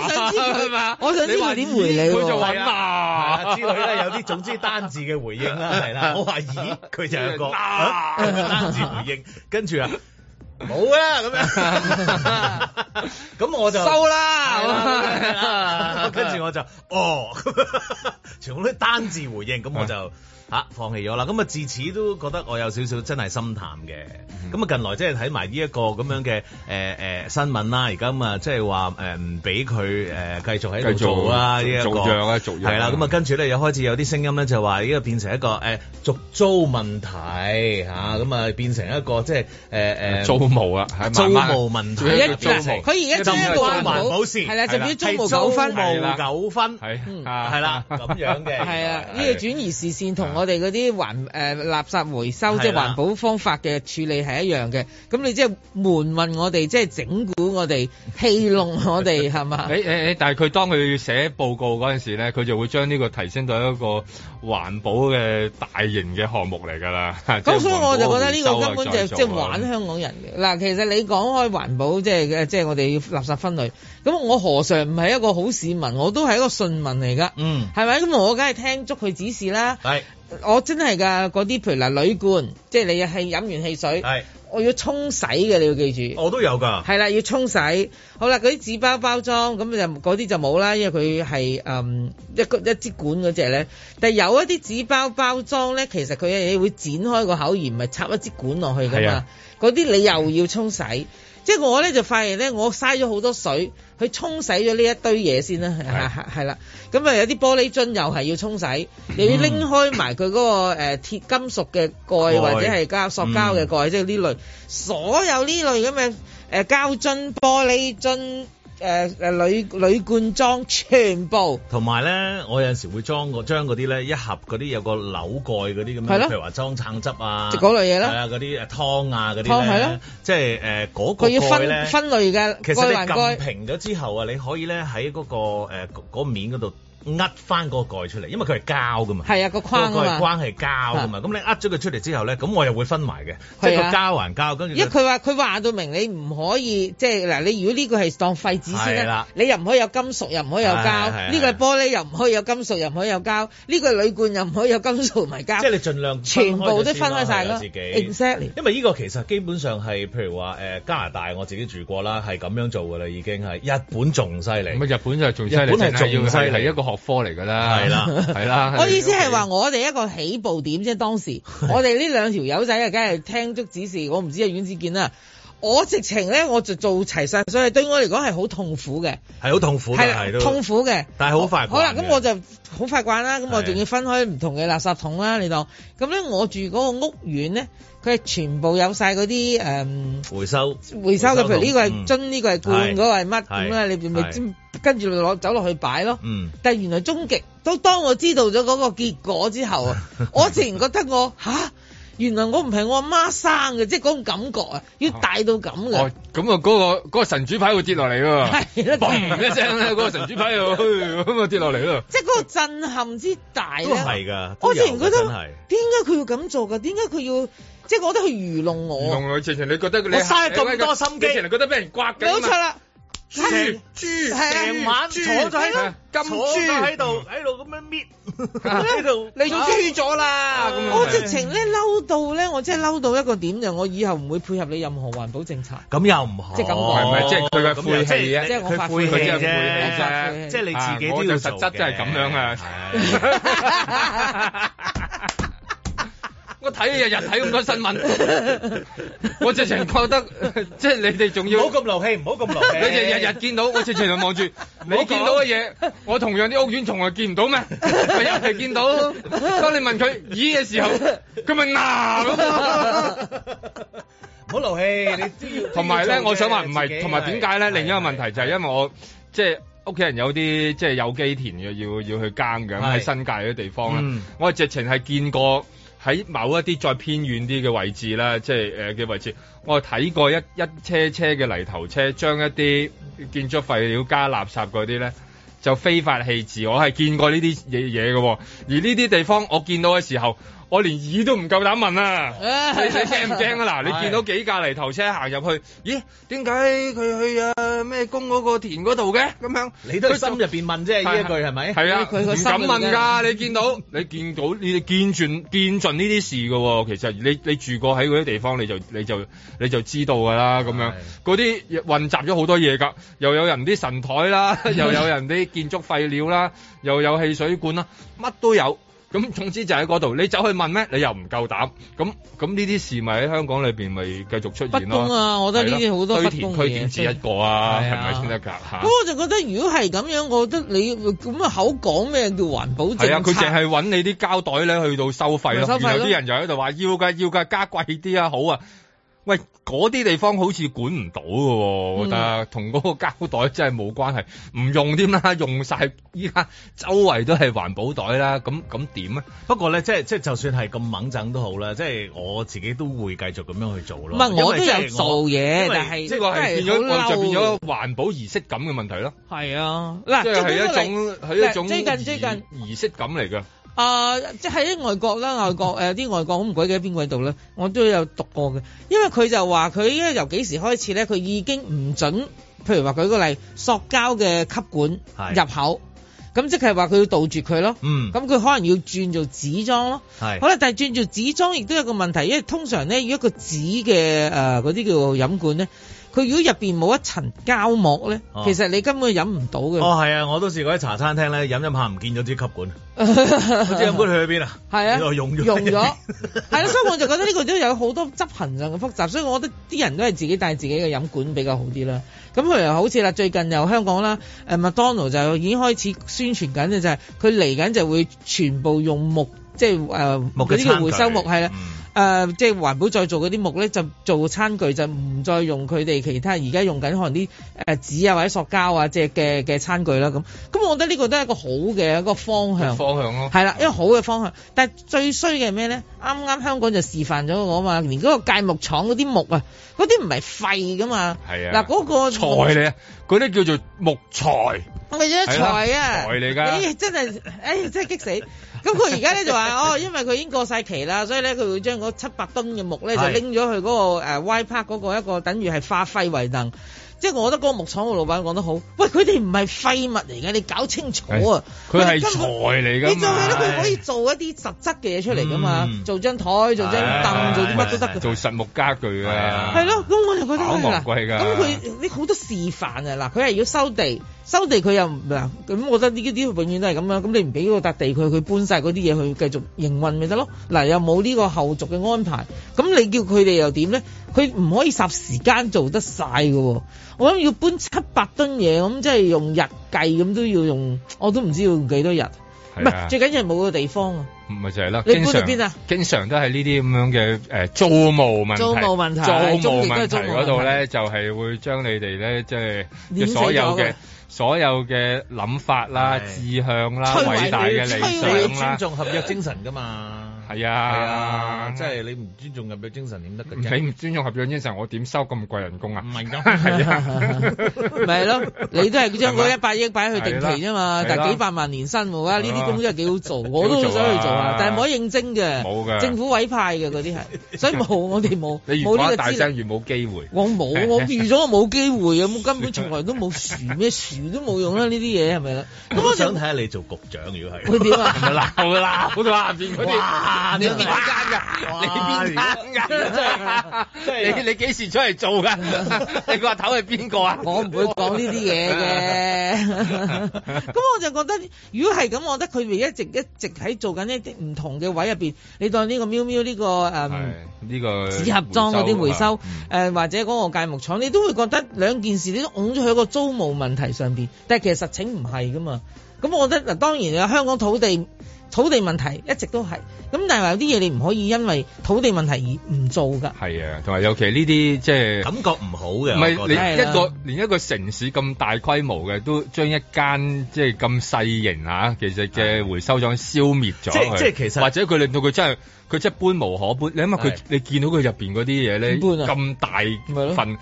我想知佢嘛，我想知話點回你，佢就話：啊， *laughs* 啊，之類啦，有啲總之單字嘅回應啦，係啦、啊。我話：咦，佢就有一個、呃呃、單字回應，跟住啊，冇啦咁樣。咁 *laughs* 我就收啦。啊 *laughs* 啊啊、 *laughs* 跟住我就，哦， *laughs* 全部都單字回應，咁、啊、我就。吓、啊、放棄咗啦！咁啊，自此都覺得我有少少真係心淡嘅。咁、嗯、啊，近來即係睇埋呢一個咁樣嘅誒誒新聞啦。而家咁啊，即係話誒唔俾佢誒繼續喺度做啦。做啦啊，做係啦。咁啊，跟住咧又開始有啲聲音咧，就話呢個變成一個誒續、呃、租問題吓咁啊，變成一個即係誒誒租務啊，啊，租務問題。佢而家租係話冇事係啦，就變租務糾紛。租務糾紛係、嗯、啊，啦，咁樣嘅係啊，呢 *laughs* 個轉移視線同我。我哋嗰啲環誒垃圾回收即係環保方法嘅處理係一樣嘅，咁你即係瞞問我哋，即係整蠱我哋，戲弄我哋係嘛？誒誒誒，但係佢當佢寫報告嗰陣時咧，佢就會將呢個提升到一個環保嘅大型嘅項目嚟噶啦，咁所以我就覺得呢個根本就即、是、係 *laughs* 玩香港人嘅。嗱， *laughs* 其實你講開環保，即係嘅，即、就、係、是、我哋要垃圾分類。咁我何嘗唔係一個好市民？我都係一個信民嚟噶，嗯，係咪？咁我梗係聽足佢指示啦。係，我真係噶嗰啲，譬如嗱，鋁罐，即、就、係、是、你係飲完汽水。我要沖洗嘅，你要記住。我都有㗎。係啦，要沖洗。好啦，嗰啲紙包包裝，咁就嗰啲就冇啦，因為佢係誒一個一支管嗰隻咧。但係有一啲紙包包裝咧，其實佢會剪開個口而唔係插一支管落去㗎嘛。嗰啲你又要沖洗。即係我咧就發現咧，我嘥咗好多水去沖洗咗呢一堆嘢先啦，係啦，咁啊就有啲玻璃樽又係要沖洗，嗯、又要拎開埋佢嗰個誒、呃、鐵金屬嘅蓋或者係膠塑膠嘅蓋，哎、即係呢類、嗯、所有呢類咁嘅、呃、膠樽、玻璃樽。誒、呃、誒，鋁、呃、鋁罐裝全部，同埋咧，我有陣時會裝個將嗰啲咧一盒嗰啲有個扭蓋嗰啲咁樣，譬如話裝橙汁啊，即係嗰類嘢啦，係啊嗰啲誒湯啊嗰啲，係、呃、咯，即係誒嗰個蓋咧分，分類嘅。其實你撳平咗之後啊，你可以咧喺嗰個誒、呃嗰個面嗰度。呃，翻個蓋出嚟，因為佢、啊、係膠噶嘛。係啊，個框啊嘛。個係膠噶嘛。咁你呃咗佢出嚟之後咧，咁我又會分埋嘅、啊，即係個膠還膠。跟住，因為佢話佢話到明，你唔可以即係嗱，你如果呢個係當廢紙、啊、先啦，你又唔可以有金屬，又唔可以有膠。呢、啊啊呢個玻璃又唔可以有金屬，又唔可以有膠。呢、啊啊呢個鋁罐又唔可以有金屬同埋膠，、這個、膠。即係你盡量全部都分開晒咯、啊 exactly，因為呢個其實基本上係譬如話誒加拿大我自己住過啦，係咁樣做㗎啦，已經係日本仲犀利。唔係日本就係仲，日本仲犀利一個。學科嚟噶啦，係啦，係啦。我意思係話我哋一個起步點啫。當時我哋呢兩條友仔啊，梗係聽足指示。我唔知阿阮子健啦，我直情咧我就做齊晒，所以對我嚟講係好痛苦嘅，係好痛苦，係啦，痛苦嘅。但係好快，好啦，咁我就好快慣啦。咁我仲要分開唔同嘅垃圾桶啦。你當咁咧，我住嗰個屋苑咧。佢係全部有晒嗰啲誒回收回收嘅，譬如呢個係樽，呢、嗯、個係罐，嗰、這個係乜咁啦？你咪跟住攞走落去擺咯。嗯、但係原來終極都當我知道咗嗰個結果之後啊， *laughs* 我自然覺得我吓、啊、原來我唔係我阿媽生嘅，即係嗰種感覺啊，要大到咁嘅。哦，咁啊，嗰、啊啊啊那個嗰、那個、神主牌會跌落嚟㗎係啦，嘣一聲嗰個神主牌咁啊跌落嚟啦。即係嗰個震撼之大都係㗎。我自然覺得點解佢要咁做㗎？點解佢要？即係我覺得佢愚弄我，愚弄我直情，全全你覺得佢我嘥咁多心機，直情覺得俾人刮緊冇錯啦，豬豬成晚我就喺度，坐喺度喺度咁樣搣、就是，喺度你豬咗啦！我直情咧嬲到咧，我真係嬲到一個點就我以後唔會配合你任何環保政策。咁又唔好、哦，即係咁講，唔係即係佢嘅晦氣啊！即係佢晦氣啫，即係你自己、啊、都要實質真係咁樣啊！ *laughs* *laughs* 我睇日日睇咁多新聞，我直情覺得即係你哋仲要唔好咁勞氣，唔好咁勞氣。你日日日見到，我直情就望住你見到嘅嘢，我同樣啲屋苑從來見唔到咩？咪一齊見到。當你問佢咦嘅時候，佢咪鬧咯。好勞氣，你知。同埋咧，我想話唔係，同埋點解咧？另一個問題就係因為我即係屋企人有啲即係有機田嘅，要要去耕嘅，喺新界嗰啲地方咧，我係直情係見過。喺某一啲再偏遠啲嘅位置啦，即係誒嘅位置，我係睇過一一車車嘅泥頭車，將一啲建築廢料加垃圾嗰啲咧，就非法棄置。我係見過呢啲嘢嘢嘅，而呢啲地方我見到嘅時候。我連耳都唔夠膽問啊！ *laughs* 你驚唔驚啊嗱，你見到幾架泥頭車行入去？咦，點解佢去啊咩公嗰個田嗰度嘅？咁樣你都心入邊問啫呢一句係咪？係啊，佢佢敢問㗎？你見到？你見到？你見盡見盡呢啲事㗎喎。哦，其實你你住過喺嗰啲地方，你就你就你就知道㗎啦咁樣。嗰啲混雜咗好多嘢㗎，又有人啲神台啦，又有人啲建築廢料啦， *laughs* 又有汽水罐啦，乜都有。咁總之就喺嗰度，你走去問咩？你又唔夠膽。咁咁呢啲事咪喺香港裏面咪繼續出現咯。不公啊！我覺得呢啲好多不公嘢。填填止一個啊，係咪先得㗎？嚇！咁、啊啊、我就覺得如果係咁樣，我覺得你咁啊口講咩叫環保政策？係啊，佢淨係揾你啲膠袋咧去到收費咯。有啲人就喺度話要嘅要嘅，加貴啲啊，好啊。喂，嗰啲地方好似管唔到㗎，我覺得同嗰、嗯、個膠袋真係冇關係，唔用添啦，用曬依家周圍都係環保袋啦，咁咁點啊？不過咧，即係即係就算係咁猛整都好啦，即、就、係、是、我自己都會繼續咁樣去做咯。唔係，我都有做嘢、就是，但係即係變咗就變咗環保儀式感嘅問題咯。係啊，嗱，即係一種係、啊、一種、啊一種啊、近近儀、儀式感嚟㗎。啊、呃，即係喺外國啦，外國誒啲、呃、外國好唔鬼嘅邊鬼度咧，我都有讀過嘅，因為佢就話佢依家由幾時開始咧，佢已經唔準，譬如話舉個例，塑膠嘅吸管入口，咁即係話佢要杜絕佢咯。嗯，咁佢可能要轉做紙裝咯。係，可能但係轉做紙裝亦都有個問題，因為通常咧，如果個紙嘅誒嗰啲叫做飲管咧。佢如果入面冇一層膠膜咧、哦，其實你根本飲唔到嘅。哦，係啊，我都試過喺茶餐廳咧飲飲下唔見咗支吸管， *laughs* 我支吸管去咗邊啊？係啊，用用咗，係啦 *laughs* 所以我就覺得呢個都有好多執行上嘅複雜，所以我覺得啲人都係自己帶自己嘅飲管比較好啲啦。咁佢又好似啦，最近又香港啦，誒麥當勞就已經開始宣傳緊嘅就係佢嚟緊就會全部用木，即、就、係、係呃、木，呢個回收木，係啦。嗯誒、呃，即係環保再做嗰啲木咧，就做餐具就唔再用佢哋其他而家用緊可能啲誒，紙啊或者塑膠啊只嘅嘅餐具啦咁。咁我覺得呢個都係一個好嘅一個方向，方向咯、啊，係啦，一個好嘅方向。但係最衰嘅係咩咧？啱啱香港就示範咗我、那個、嘛。連嗰個鋸木廠嗰啲木啊，嗰啲唔係廢噶嘛。係啊，嗱、那、嗰個材嚟啊，嗰啲叫做木材。咪一材啊！你嚟㗎、哎，真係，真係激死。 *laughs* 咁佢而家咧就話哦，因為佢已經過晒期啦，所以咧佢會將嗰七百噸嘅木咧就拎咗去嗰個 Y Park 嗰個一個等於係化廢為能。即係、就是、我覺得嗰個木廠個老闆講得好，喂佢哋唔係廢物嚟嘅，你搞清楚啊！佢係真材嚟㗎嘛！你仲記得，佢可以做一啲實質嘅嘢出嚟㗎嘛？做張台、做張凳、做啲乜都得㗎。做實木家具㗎、啊。係咯，咁我就覺得好貴㗎。咁佢你好多示範啊！嗱，佢係要收地。收地佢又嗱，咁我覺得呢啲啲永遠都係咁樣。咁你唔俾個笪地佢，佢搬晒嗰啲嘢去繼續營運咪得咯？嗱，又冇呢個後續嘅安排，咁你叫佢哋又點咧？佢唔可以霎時間做得晒㗎喎。我諗要搬七百噸嘢，咁即係用日計，咁都要用，我都唔知要用幾多日。唔係、啊、最緊要係冇個地方啊。唔係就係、是、啦。你搬到邊啊？經常都係呢啲咁樣嘅誒租務問題。租務問題。租務嗰度咧，就係會將你哋咧，即係所有嘅。所有嘅諗法啦、志向啦、偉大嘅理想啦。尊重合約精神㗎嘛。 *laughs* 係啊，啊，即係你唔尊重人嘅精神點得㗎？你唔尊重合約精神，我點收咁貴人工啊？唔係咁，係啊，咪係咯？你都係將嗰一百億擺去定期啫嘛？但係幾百萬年薪啊？呢啲工真係幾好做，我 *laughs* 都好想去做啊！但係唔可以應徵嘅，冇嘅，政府委派嘅嗰啲係，所以冇，我哋冇。 *laughs* 你越講大聲越冇機會。我冇， *laughs* 我預咗我冇機會嘅，我根本從來都冇，船咩船都冇用啦！呢啲嘢係咪啊？咁我想睇下你做局長，如果係會點啊？鬧啊鬧！邊 *laughs* 個？ *laughs* *laughs* 你邊間噶？你邊間噶？即係你你幾 *laughs* 時出嚟做噶？ *laughs* 你個頭係邊個啊？我唔會講呢啲嘢嘅。咁我就覺得，如果係咁，我覺得佢哋一直一直喺做緊一啲唔同嘅位入邊。你當呢個喵喵呢、這個誒呢、嗯這個紙盒裝嗰啲回收誒、嗯，或者嗰個鎅木廠，你都會覺得兩件事你都拱咗佢個租務問題上邊，但係其實，實情唔係噶嘛。咁我覺得嗱，當然啊，香港土地。土地問題一直都係咁，但係話有啲嘢你唔可以因為土地問題而唔做㗎。係啊，同埋尤其呢啲即係感覺唔好嘅。唔係你一個連一個城市咁大規模嘅，都將一間即係咁細型啊，其實嘅回收廠消滅咗。即即係其實或者佢令到佢真係佢真係搬無可搬。你諗下佢，你見到佢入面嗰啲嘢咧，搬啊，咁大份。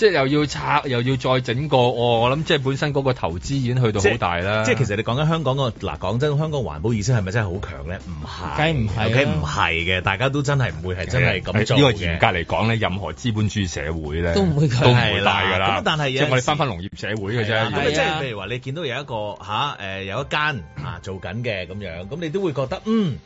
即係又要拆，又要再整個、哦、我諗，即係本身嗰個投資已經去到好大啦。即係其實你講緊香港嗰個，嗱講真，香港環保意識係咪真係好強咧？唔係，唔係、啊，唔係嘅，大家都真係唔會係真係咁做。呢個嚴格嚟講咧，任何資本主義社會咧，都唔會都唔會大㗎啦。咁但係即係我哋翻翻農業社會嘅啫。咁即係譬如話，你見到有一個吓、啊呃、有一間、啊、做緊嘅咁樣，咁你都會覺得嗯。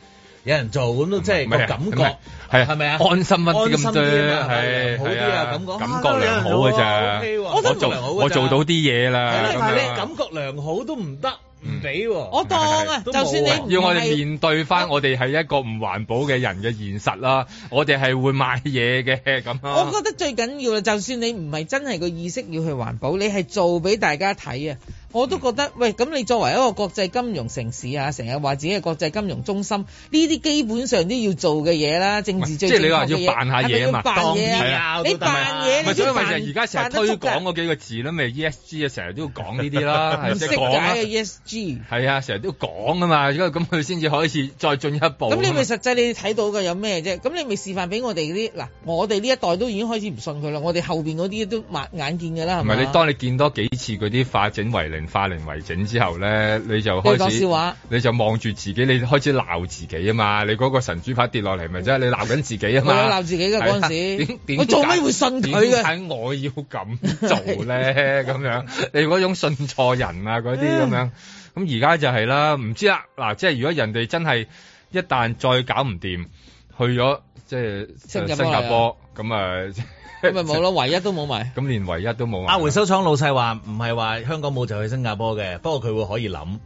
有人做咁都即係唔係感覺，係係咪啊？安心翻啲咁多係好啲啊，感覺良好嘅咋，我做、啊 okay 啊我，好我，做啊、我做到啲嘢啦，你感覺良好都唔得，唔俾喎。我當啊，就算你要我哋面對翻我哋係一個唔環保嘅人嘅現實啦，我哋係會買嘢嘅咁。我覺得最緊要嘅就算你唔係真係個意識要去環保，你係做俾大家睇啊！我都覺得喂，咁你作為一個國際金融城市啊，成日話自己係國際金融中心，呢啲基本上都要做嘅嘢啦。政治最即係即你話要扮下嘢啊嘛，扮嘢、啊啊、你扮嘢、啊、所以咪就係而家成日推廣嗰幾個字啦，咪 ESG 啊，成日都要講呢啲啦，係識講 ESG 係啊，成日都要講啊嘛，因為咁佢先至開始再進一步。咁你咪實際你睇到嘅有咩啫？咁你咪示範俾我哋嗰啲嗱，我哋呢一代都已經開始唔信佢啦，我哋後邊嗰啲都眼眼見㗎啦，係咪？唔係你當你見多幾次嗰啲化整為零。化零為整之後咧，你就開始，笑話你就望住自己，你開始鬧自己啊嘛！你嗰個神主牌跌落嚟，咪即係你鬧緊自己啊嘛！鬧自己嘅嗰陣時，我做咩會信佢嘅？睇我要咁做咧，咁 *laughs* 樣你嗰種信錯人啊，嗰啲咁樣。咁而家就係啦，唔知啦。嗱，即係如果人哋真係一旦再搞唔掂，去咗。即係新加坡咁咁咪冇咯，唯一都冇埋。咁 *laughs* 連唯一都冇埋。阿回收廠老細話唔係話香港冇就去新加坡嘅，不過佢會可以諗。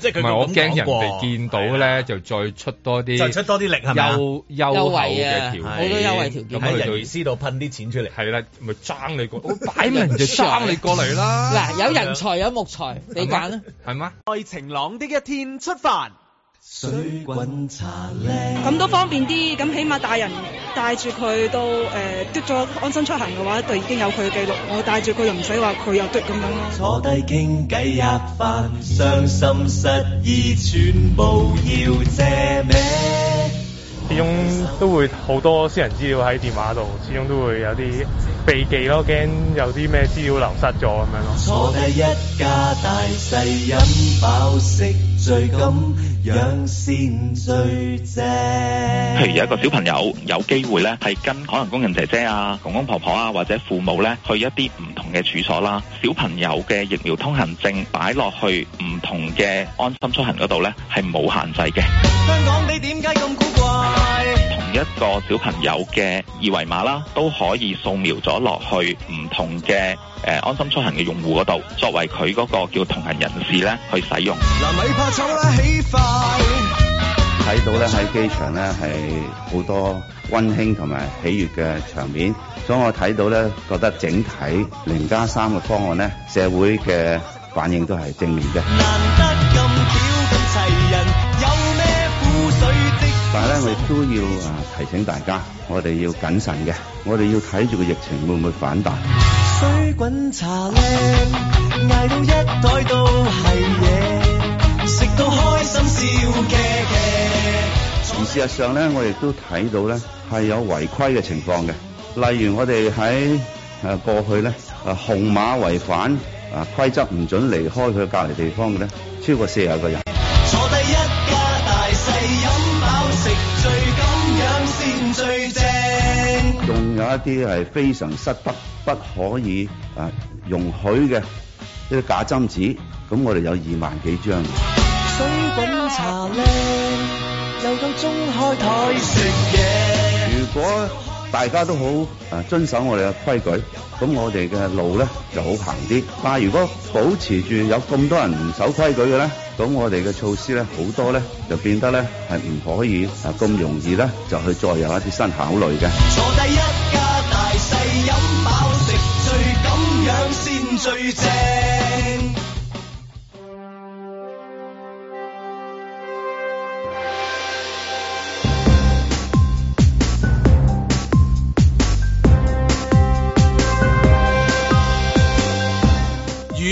即係佢唔係我驚人哋見到咧就再出多啲，再出多啲力優優惠嘅條件。優啊、我優惠條件。咁佢雷斯度噴啲錢出嚟。係、 *laughs* 哦、啦，咪爭你過，擺明就爭你過嚟啦。嗱，有人才有木材， *laughs* 你揀啦。係咪？在晴朗的一天出發。水茶咁都方便啲，咁起碼大人帶住佢都誒，丟、呃、咗安心出行嘅話，就已經有佢嘅記錄，我帶住佢又唔使話佢又丟咁樣咯。坐低傾偈呷飯，傷心失意全部要借命，嗯。始終都會好多私人資料喺電話度，始終都會有啲備記咯，驚有啲咩資料流失咗咁樣咯。坐低一家大細飲飽食醉咁。最正。譬如有一個小朋友有機會咧，係跟可能工人姐姐啊、公公婆婆啊或者父母咧，去一啲唔同嘅處所啦。小朋友嘅疫苗通行證擺落去唔同嘅安心出行嗰度咧，係冇限制嘅。香港你點解咁古怪？同一個小朋友嘅二維碼啦，都可以掃描咗落去唔同嘅，誒、呃、安心出行嘅用戶嗰度，作為佢嗰個叫同行人士咧去使用。嗱，咪怕醜啦，起快！睇到咧喺機場咧係好多溫馨同埋喜悅嘅場面，所以我睇到咧覺得整體零加三嘅方案咧社會嘅反應都係正面嘅。難得咁咁齊人，有咩苦水的。但係咧，我哋都要啊提醒大家，我哋要謹慎嘅，我哋要睇住個疫情會唔會反彈。水滾茶咧嗌到一袋都係嘢食到開心笑嘅。嘅而事實上呢，我亦都睇到呢，係有違規嘅情況嘅，例如我哋喺誒過去呢，啊紅馬違反規則唔准離開佢隔籬地方嘅，咧超過四十個人坐低一家大細飲飽食醉咁樣先最正。仲有一啲係非常失德，不不可以啊容許嘅，呢啲假針紙，咁我哋有二萬幾張水滾茶靚，又夠鐘開台食嘢如果，大家都好啊，遵守我哋嘅規矩，咁我哋嘅路咧就好行啲。但係如果保持住有咁多人唔守規矩嘅咧，咁我哋嘅措施咧好多咧，就變得咧係唔可以啊咁容易咧就去再有一啲新考慮嘅。坐低一家大細飲飽食醉咁樣先最正。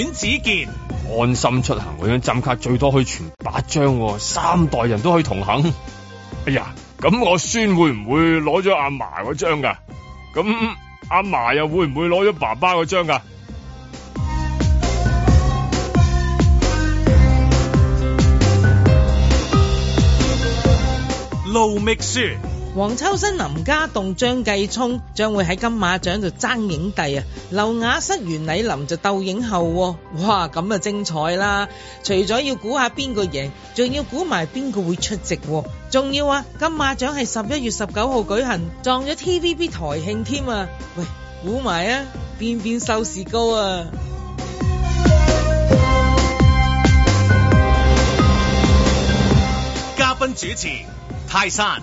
阮子健，安心出行嗰張針卡最多可以存八張，三代人都可以同行。哎呀，咁我孫會唔會攞咗阿嫲嗰張㗎？咁阿嫲又會唔會攞咗爸爸嗰張㗎？盧覓雪。黃秋生、林家棟、張繼聰將會喺金馬獎度爭影帝啊！劉雅瑟、袁澧林就鬥影后，哇咁啊精彩啦！除咗要估下邊個贏，仲要估埋邊個會出席，仲要啊！金馬獎係十一月十九號舉行，撞咗 TVB 台慶添啊！喂，估埋啊，邊邊收視高啊！嘉賓主持：泰山。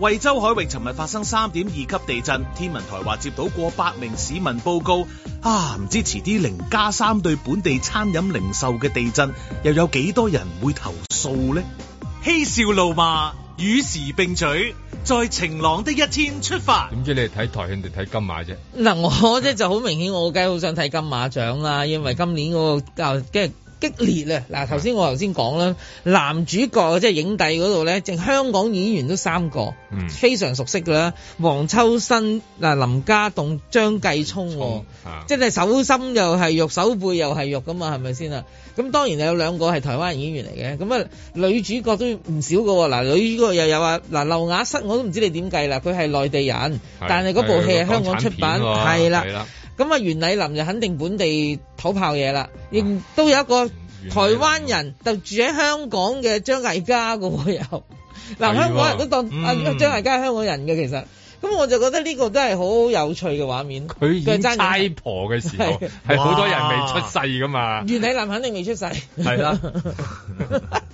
惠州海域尋日發生三點二級地震，天文台話接到過百名市民報告。啊唔知遲啲零加三對本地餐飲零售嘅地震，又有幾多人會投訴呢？嬉笑怒罵與時並取，在晴朗的一天出發。點知你哋睇台慶定睇金馬啫？嗱， *laughs* 我即就好明顯，我梗係好想睇金馬獎啦，因為今年、嗰個教激烈啊！嗱，頭先我頭先講啦，男主角即係影帝嗰度咧，淨香港演員都三個，嗯、非常熟悉㗎啦。黃秋生、嗱、林家棟、張繼聰，聰、嗯、即係手心又係肉，手背又係肉㗎嘛，係咪先啊？咁當然有兩個係台灣演員嚟嘅，咁啊女主角都唔少㗎。嗱，女主角又有啊，嗱，劉雅瑟我都唔知你點計啦，佢係內地人，但係嗰部戲係香港出版，係啦。咁啊袁澧林就肯定本地土炮嘢啦，亦都有一個台灣人就住喺香港嘅張藝嘉嘅喎又，嗱香港人都當阿張藝嘉係香港人嘅其實，咁我就覺得呢個都係好有趣嘅畫面。佢已經差婆嘅時候，係好多人未出世噶嘛。袁澧林肯定未出世。係啦。 *laughs*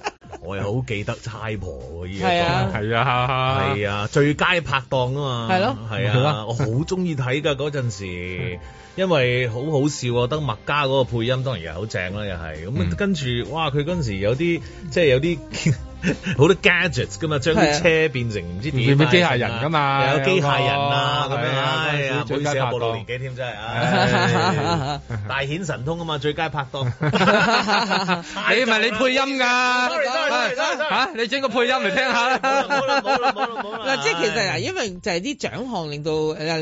我係好記得差婆喎，依個係啊係啊係啊，最佳拍檔啊嘛，係咯係啊，啊，啊，我好中意睇噶嗰陣時。因為好好笑啊，得麥嘉嗰個配音當然又好正啦，又係咁跟住，哇！佢嗰陣時有啲即係有啲好多 gadgets 㗎嘛，將啲車變成唔知點變咩機械人㗎嘛，有機械人啊咁樣。啊、哎，呀，最佳布道年紀添真係，大顯神通啊嘛，最佳拍檔，不哎哎拍檔哎、你咪你配音㗎、啊啊，你整個配音嚟聽下啦，嗱即係其實啊，因為就係啲獎項令到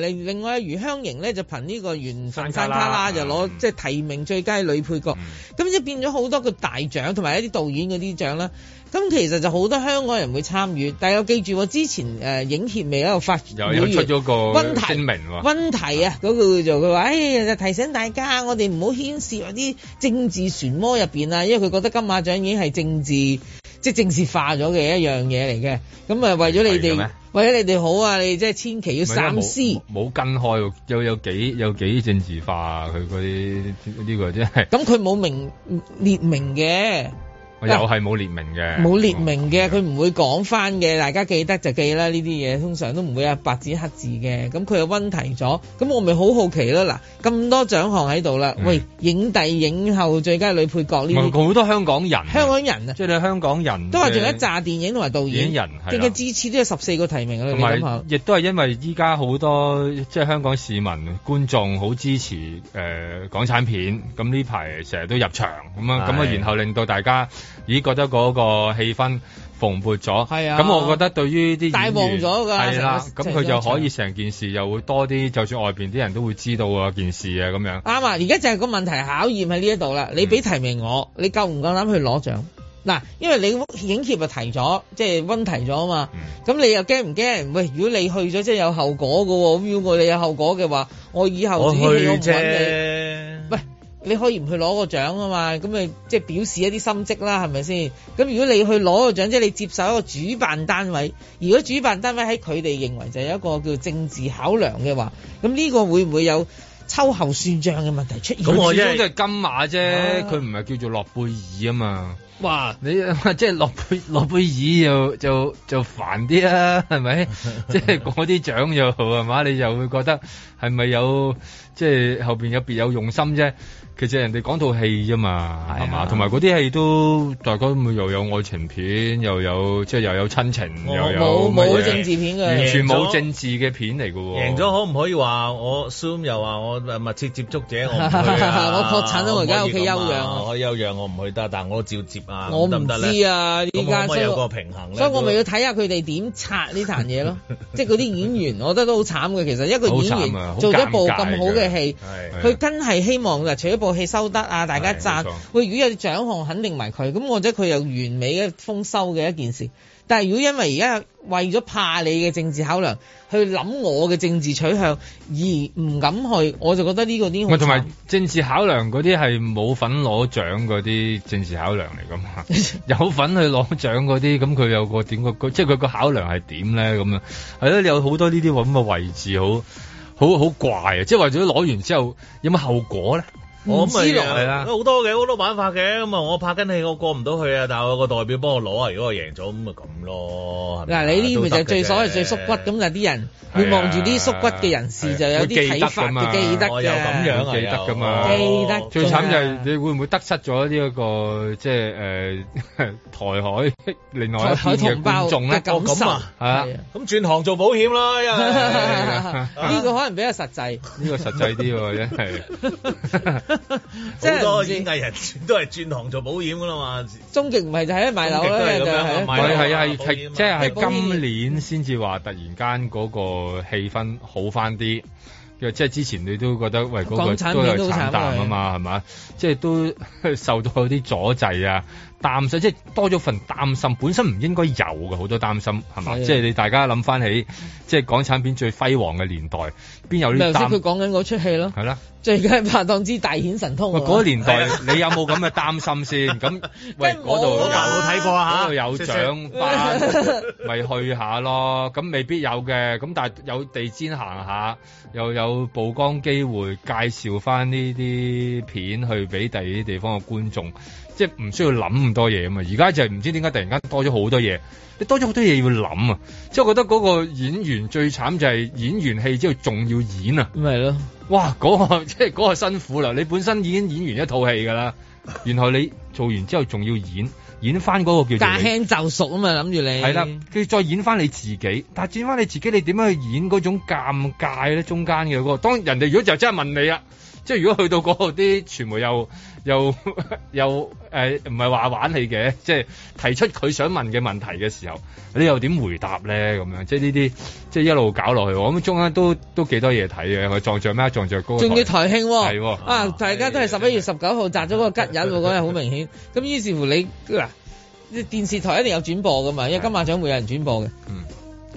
另另外余香瑩咧就憑呢個原山卡啦就攞即係提名最佳女配角，咁即係變咗好多個大獎同埋一啲導演嗰啲獎啦。咁其實就好多香港人會參與，但係我記住我之前誒、呃、影協未喺度發有，有出咗個聲明，問題、題啊嗰、啊那個叫做佢話，誒、哎、提醒大家我哋唔好牽涉啲政治漩渦入邊啊，因為佢覺得金馬獎已經係政治即係政治化咗嘅一樣嘢嚟嘅。咁啊為咗你哋。喂，你哋好啊！你哋真係千祈要三思，冇跟開，又有幾有幾政治化啊？佢嗰啲呢個真係，咁佢冇明列明嘅。.我又係冇列明嘅，冇、嗯、列明嘅，佢、嗯、唔會講翻嘅，大家記得就記啦。呢啲嘢通常都唔會啊，白紙黑字嘅。咁佢又溫提咗，咁我咪好好奇啦嗱，咁多獎項喺度啦，喂，影帝、影后、最佳女配角呢啲，好、嗯、多香港人，香港人啊，即、就、係、是、香港人，都係仲有一扎電影同埋導演影人，嘅支持都有十四個提名啊。同埋，亦都係因為依家好多即係、就是、香港市民觀眾好支持誒、呃、港產片，咁呢排成日都入場咁啊，咁啊，然後令到大家。咦？覺得嗰個氣氛蓬勃咗，係啊！咁我覺得對於啲大望咗㗎，係啦，咁佢就可以成件事又會多啲，就算外邊啲人都會知道啊件事啊咁樣。啱啊！而家就係個問題考驗喺呢一度啦。你俾提名我，嗯、你夠唔夠膽去攞獎？嗱、啊，因為你影協啊提咗，即係温提咗啊嘛。咁、嗯、你又驚唔驚？喂，如果你去咗即係有後果㗎喎、哦，咁如果你有後果嘅話，我以後自己去我唔揾你你可以唔去攞個獎啊嘛，咁咪即係表示一啲心跡啦，係咪先？咁如果你去攞個獎，即係你接受一個主辦單位。如果主辦單位喺佢哋認為就有一個叫政治考量嘅話，咁呢個會唔會有秋後算賬嘅問題出現？咁始終都係金馬啫，佢唔係叫做諾貝爾啊嘛。哇，你即係諾貝諾貝爾又就就煩啲啊，係咪？ *laughs* 即係攞啲獎又係嘛？你就會覺得係咪有即係後邊有別有用心啫？其實人哋講套戲啫嘛，係、哎、嘛？同埋嗰啲戲都，大家會又有愛情片，又有即係又有親情、哦，又有冇政治片嘅，完全冇政治嘅片嚟嘅。贏咗可唔可以話我？Zoom 又話我密切接觸者，我破產咗，我而家屋企休養、啊啊。我休養，我唔去得，但我照接啊。我唔知啊，依家有個平衡所。所以我咪要睇下佢哋點拆呢壇嘢咯。 *laughs* 即係嗰啲演員， *laughs* 我覺得都好慘嘅。其實一個演員、啊、做咗部咁好嘅戲，佢真係希望除咗部。戲收得啊！大家讚，喂，如果有獎項，肯定埋佢咁，或者佢又完美嘅豐收嘅一件事。但係如果因為而家為咗怕你嘅政治考量，去諗我嘅政治取向而唔敢去，我就覺得呢個啲同埋政治考量嗰啲係冇份攞獎嗰啲政治考量嚟噶嘛？ *laughs* 有份去攞獎嗰啲，咁佢有個點個即係佢個考量係點咧？咁樣係咯？有好多呢啲咁嘅位置，好好好怪啊！即係為咗攞完之後有乜後果咧？我咪係啦，好多嘅好多玩法嘅咁啊！我拍緊戲，我過唔到去啊！但係我個代表幫我攞啊！如果我贏咗咁咪咁咯，係咪？嗱，你呢咪就最所謂最縮骨咁啊！啲人會望住啲縮骨嘅人士就有啲睇法嘅，記得啊，記得咁樣啊，記得噶嘛，記得。最慘就係你會唔會得失咗呢一個即係誒台海另外一個嘅尊重咧？感受係啦，咁轉行做保險咯，因為呢個可能比較實際，呢個實際啲喎，真係。好 *laughs* 多演藝人都係轉行做保險㗎喇嘛，終極唔係就係一賣樓咯，啊，係係係即係今年先至話突然間嗰個氣氛好返啲，即係、就是、之前你都覺得喂嗰、嗰個都有慘淡啊嘛，係嘛？即係都受到啲阻滯啊。擔心即係多咗份擔心，本身唔應該有嘅好多擔心係嘛？即係你大家諗翻起，即係港產片最輝煌嘅年代，邊有呢啲擔心？佢講緊嗰出戲咯，係啦，係《最佳拍檔之大顯神通》那。嗰、個、年代的你有冇咁嘅擔心先？咁 *laughs* 喂，嗰度有睇過啊？嗰度有獎頒，咪去下咯。咁未必有嘅，咁但係有地氈行下，又有曝光機會，介紹翻呢啲片去俾第二啲地方嘅觀眾，即係唔需要諗。咁多嘢啊嘛，而家就係唔知點解突然間多咗好多嘢，你多咗好多嘢要諗啊，即係覺得嗰個演員最慘就係演完戲之後仲要演啊，咪咯，哇嗰個即係嗰個辛苦啦，你本身已經演完一套戲㗎啦，然後你做完之後仲要演，演翻嗰個叫駕輕就熟啊嘛，諗住你係啦，佢再演翻你自己，但轉翻你自己，你點樣去演嗰種尷尬咧中間嘅嗰個？當人哋如果就真係問你啊，即係如果去到嗰個啲傳媒又。又又誒，唔係話玩氣嘅，即係提出佢想問嘅問題嘅時候，你又點回答咧？咁樣即係呢啲，即係一路搞落去，咁中間都都幾多嘢睇嘅，佢撞著咩？撞著高，仲要台慶係、哦、喎，啊大、哦啊啊、家都係十一月十九號摘咗個個吉日喎，嗰日好明顯。咁 *laughs* 於是乎你嗱，你電視台一定有轉播㗎嘛，因為金馬獎會有人轉播嘅。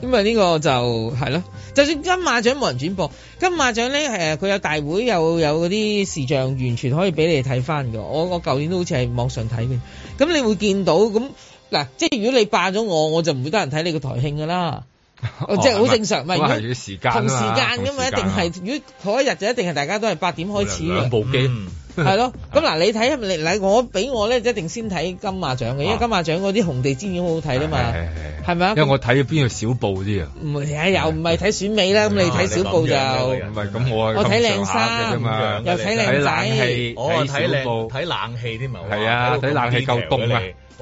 因為，呢個就係咯。就算金馬獎冇人轉播，金馬獎咧誒，佢、呃、有大會又有嗰啲視像，完全可以俾你哋睇翻㗎。我我舊年都好似喺網上睇嘅。咁你會見到咁嗱，即係如果你霸咗我，我就唔會得人睇你個台慶㗎啦、哦。即係好正常，唔係、啊、同時間同時間㗎、啊、嘛，一定係如果同一日就一定係大家都係八點開始。兩部機係 *laughs* 咯 *laughs* 咁嗱，你睇咪你我俾我咧，一定先睇金馬獎嘅，因為金馬獎嗰啲紅地氈片好好睇啦嘛，係咪啊？因為我睇咗邊個小布啲 *laughs* 啊？唔係啊，又唔係睇選美啦，咁你睇小布就唔係咁，我我睇靚衫嘅嘛，又睇靚仔，我睇靚，睇冷氣添嘛，係啊，睇冷氣夠凍啊。哦咁樣嘅，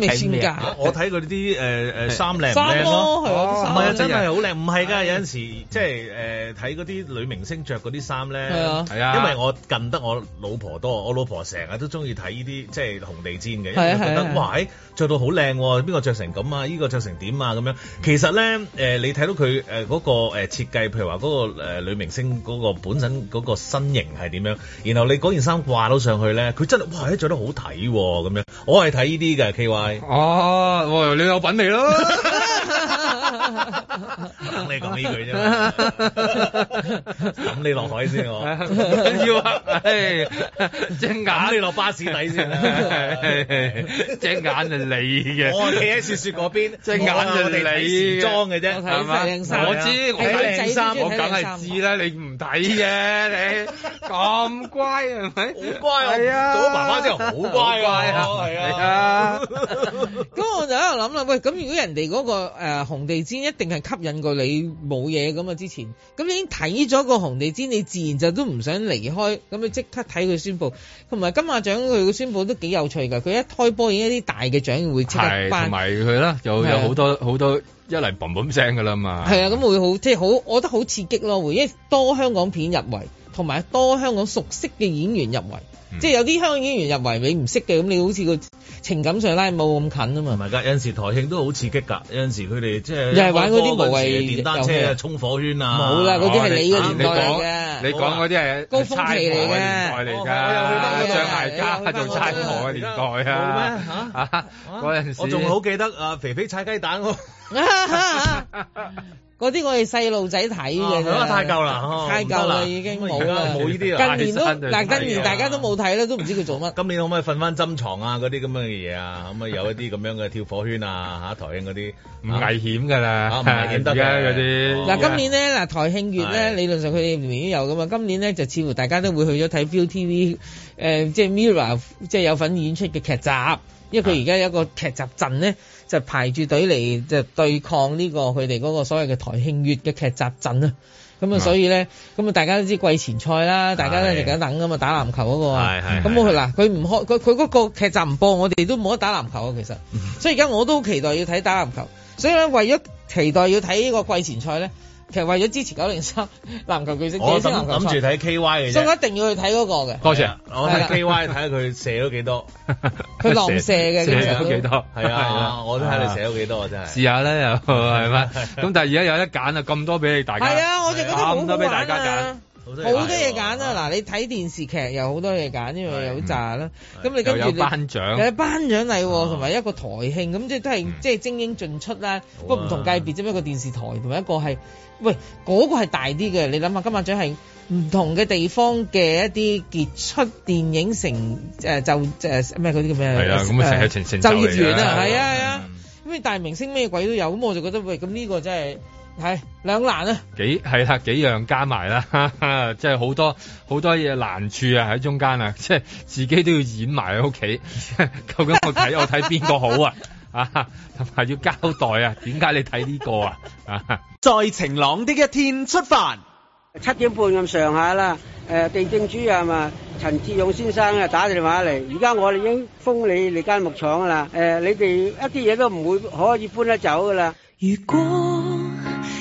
你睇咩？我睇佢啲誒誒衫靚唔靚咯？係嘛？唔係啊，真係好靚！唔係㗎，有陣時即係誒睇嗰啲女明星著嗰啲衫咧，係啊，因為我近得我老婆多，我老婆成日都中意睇呢啲即係紅地氈嘅，係係係。覺得哇！係著到好靚喎，邊個著成咁啊？依個著成點啊？咁樣其實咧誒，你睇到佢誒嗰個誒設計，譬如話嗰個誒女明星嗰個本身嗰個身形係點樣，然後你嗰件衫掛到上去咧，佢真係哇！睇得著得好睇咁、哦、樣，我係睇呢啲嘅 K Y。哦、啊，你有品味咯。 *laughs* *laughs* 等你講呢句啫， *laughs* 等你落海先我，要 *laughs* 啊，隻 *laughs* 眼你落巴士睇先，啊，隻 *laughs* 眼係你嘅。 *laughs* *laughs* 我企喺雪雪嗰邊，隻眼就你裝嘅啫，係我知，我睇件衫，我梗係知啦，你唔睇嘅你，咁乖係咪？好乖，我到咗爸爸之後好乖乖，係啊。咁我，我、， *laughs* 啊啊、 *laughs* *laughs* 我就喺度諗啦，喂，咁如果人哋嗰、那個誒、呃、紅地。一定係吸引過你冇嘢咁啊！之前咁你已經睇咗個紅地氈，你自然就都唔想離開。咁你即刻睇佢宣布，同埋金馬獎佢嘅宣布都幾有趣噶。佢一開波，已經一啲大嘅獎會接係同埋佢啦，就有好多好多一嚟嘭嘭聲噶啦嘛。係啊，咁會好即係好，我覺得好刺激咯。會因為多香港片入圍。同埋多香港熟悉嘅演員入圍，嗯、即係有啲香港演員入圍你唔識嘅，咁你好似個情感上啦冇咁近啊嘛。唔係㗎，有陣時台慶都好刺激㗎，有陣時佢哋即係又係玩嗰啲、哎、無謂嘅電單車啊、衝火圈啊。冇、啊啊、啦，嗰啲係你嘅年代嘅。你講嗰啲係高峰期嘅年代嚟㗎，張艾嘉做差婆嘅年代啊。嗰陣時我仲好記得啊，肥肥踩雞蛋。啊啊嗰啲我哋細路仔睇嘅，太舊啦，太舊啦，哦、已經冇啦，冇依啲近年都嗱，近年大家都冇睇啦， *laughs* 都唔知佢做乜。今年可唔可以瞓翻針床啊？嗰啲咁樣嘅嘢啊， *laughs* 可唔可以有一啲咁樣嘅跳火圈啊嚇、 *laughs* 啊啊啊哦啊啊啊，台慶嗰啲危險噶啦，唔危險得嘅啲。嗱今年咧，嗱台慶月咧理論上佢哋仍然有噶嘛，今年咧就似乎大家都會去咗睇 ViuTV 誒，即係 Mirror 即係有份演出嘅劇集，啊、因為佢而家有一個劇集陣咧。就排住隊嚟，就對抗呢，這個佢哋嗰個所謂嘅台慶月嘅劇集陣啊，咁啊所以咧，咁、嗯、啊大家都知季前賽啦，大家咧、那個、就緊等噶嘛打籃球嗰個啊，咁冇去啦，佢唔開佢佢嗰個劇集唔播，我哋都冇得打籃球啊其實，嗯、所以而家我都好期待要睇打籃球，所以咧為咗期待要睇呢個季前賽咧。其實為咗支持九零三籃球巨星，我諗住睇 KY 嘅，所以我一定要去睇嗰個嘅。哥仔，我睇 KY 睇下佢射咗幾多？佢狼射嘅，射咗幾多？係啊，我都睇、 *laughs* 啊啊啊、你寫咗幾多少係啊！真係。試下咧又係嘛？咁但係而家有得揀啊，咁多俾你大家。係啊，我仲、啊啊 *laughs* 啊、覺得好多俾大家揀。好多嘢揀啊，嗱你睇電視劇又好多嘢揀，因為有炸啦，咁、啊嗯、你跟住又有頒獎，有頒獎禮同埋一個台慶，咁即係都、嗯、即係精英進出啦、啊啊，不過唔同界別，啫，不過一個電視台同埋一個係喂嗰、那個係大啲嘅，你諗下金馬獎係唔同嘅地方嘅一啲傑出電影城誒、呃、就誒咩嗰啲叫咩？係、呃、啊，咁成成成就業員、呃、啊，係啊係啊，你、啊啊啊啊啊啊啊啊、大明星咩鬼都有，咁我就覺得喂，咁呢個真係。係兩難啊，幾係啦、啊，幾樣加埋啦，即係好多好多嘢，難處啊喺中間啊，即係自己都要演埋喺屋企。究竟我睇 *laughs* 我睇邊個好啊？ *laughs* 啊，同埋要交代啊，點解你睇呢個啊？啊， *laughs* 在晴朗的一,一天出發，七點半咁上下啦。誒、呃，地政主任啊，陳志勇先生啊，打電話嚟。而家我哋已經封你你間木廠啦。誒、呃，你哋一啲嘢都唔會可以搬得走噶啦。如果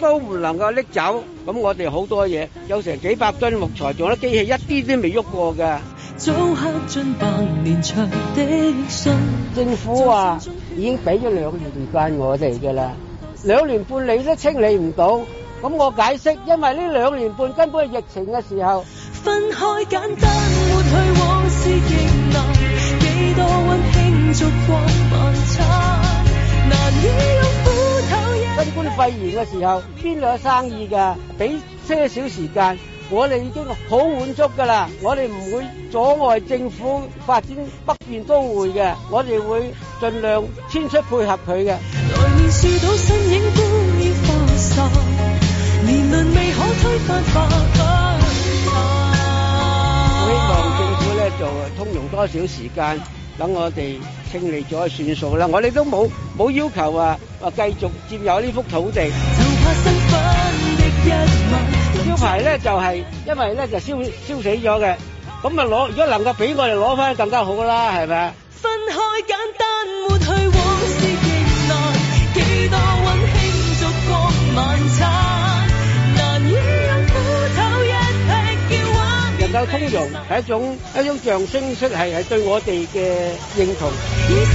都唔能夠拎走，咁我哋好多嘢，有成幾百噸木材，仲有啲機器一啲都未喐過嘅。政府話已經俾咗兩年時間我哋㗎啦，兩年半你都清理唔到，咁我解釋，因為呢兩年半根本係疫情嘅時候。新冠肺炎嘅時候，邊度有生意噶？俾些少時間，我哋已經好滿足噶啦。我哋唔會阻礙政府發展北部都會嘅，我哋會盡量遷出配合佢嘅。來年年到身影都已年輪未可推翻化、啊啊、我希望政府咧就通融多少時間。等我哋清理咗就算數啦，我哋都冇冇要求啊！啊，繼續佔有呢幅土地。招牌咧就係，因為咧就燒燒死咗嘅，咁啊攞，如果能夠俾我哋攞返更加好啦，係咪啊？分開簡單。夠通融，係一種一種象徵式，係係對我哋嘅認同。一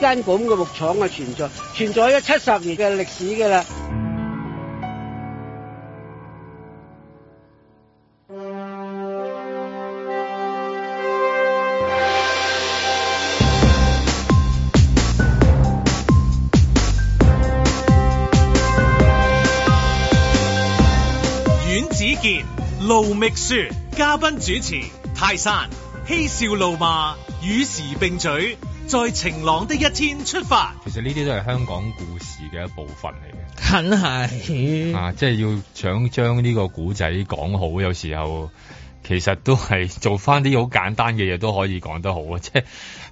間咁嘅木廠啊，存在存在咗七十年嘅歷史嘅啦。子健、盧覓雪嘉賓主持，泰山嬉笑怒罵，與時並舉，在晴朗的一天出發。其實呢啲都係香港故事嘅一部分嚟嘅，梗係 *music* *music* 啊！即係要想將呢個古仔講好，有時候。其實都係做翻啲好簡單嘅嘢都可以講得好一直一直啊！即係，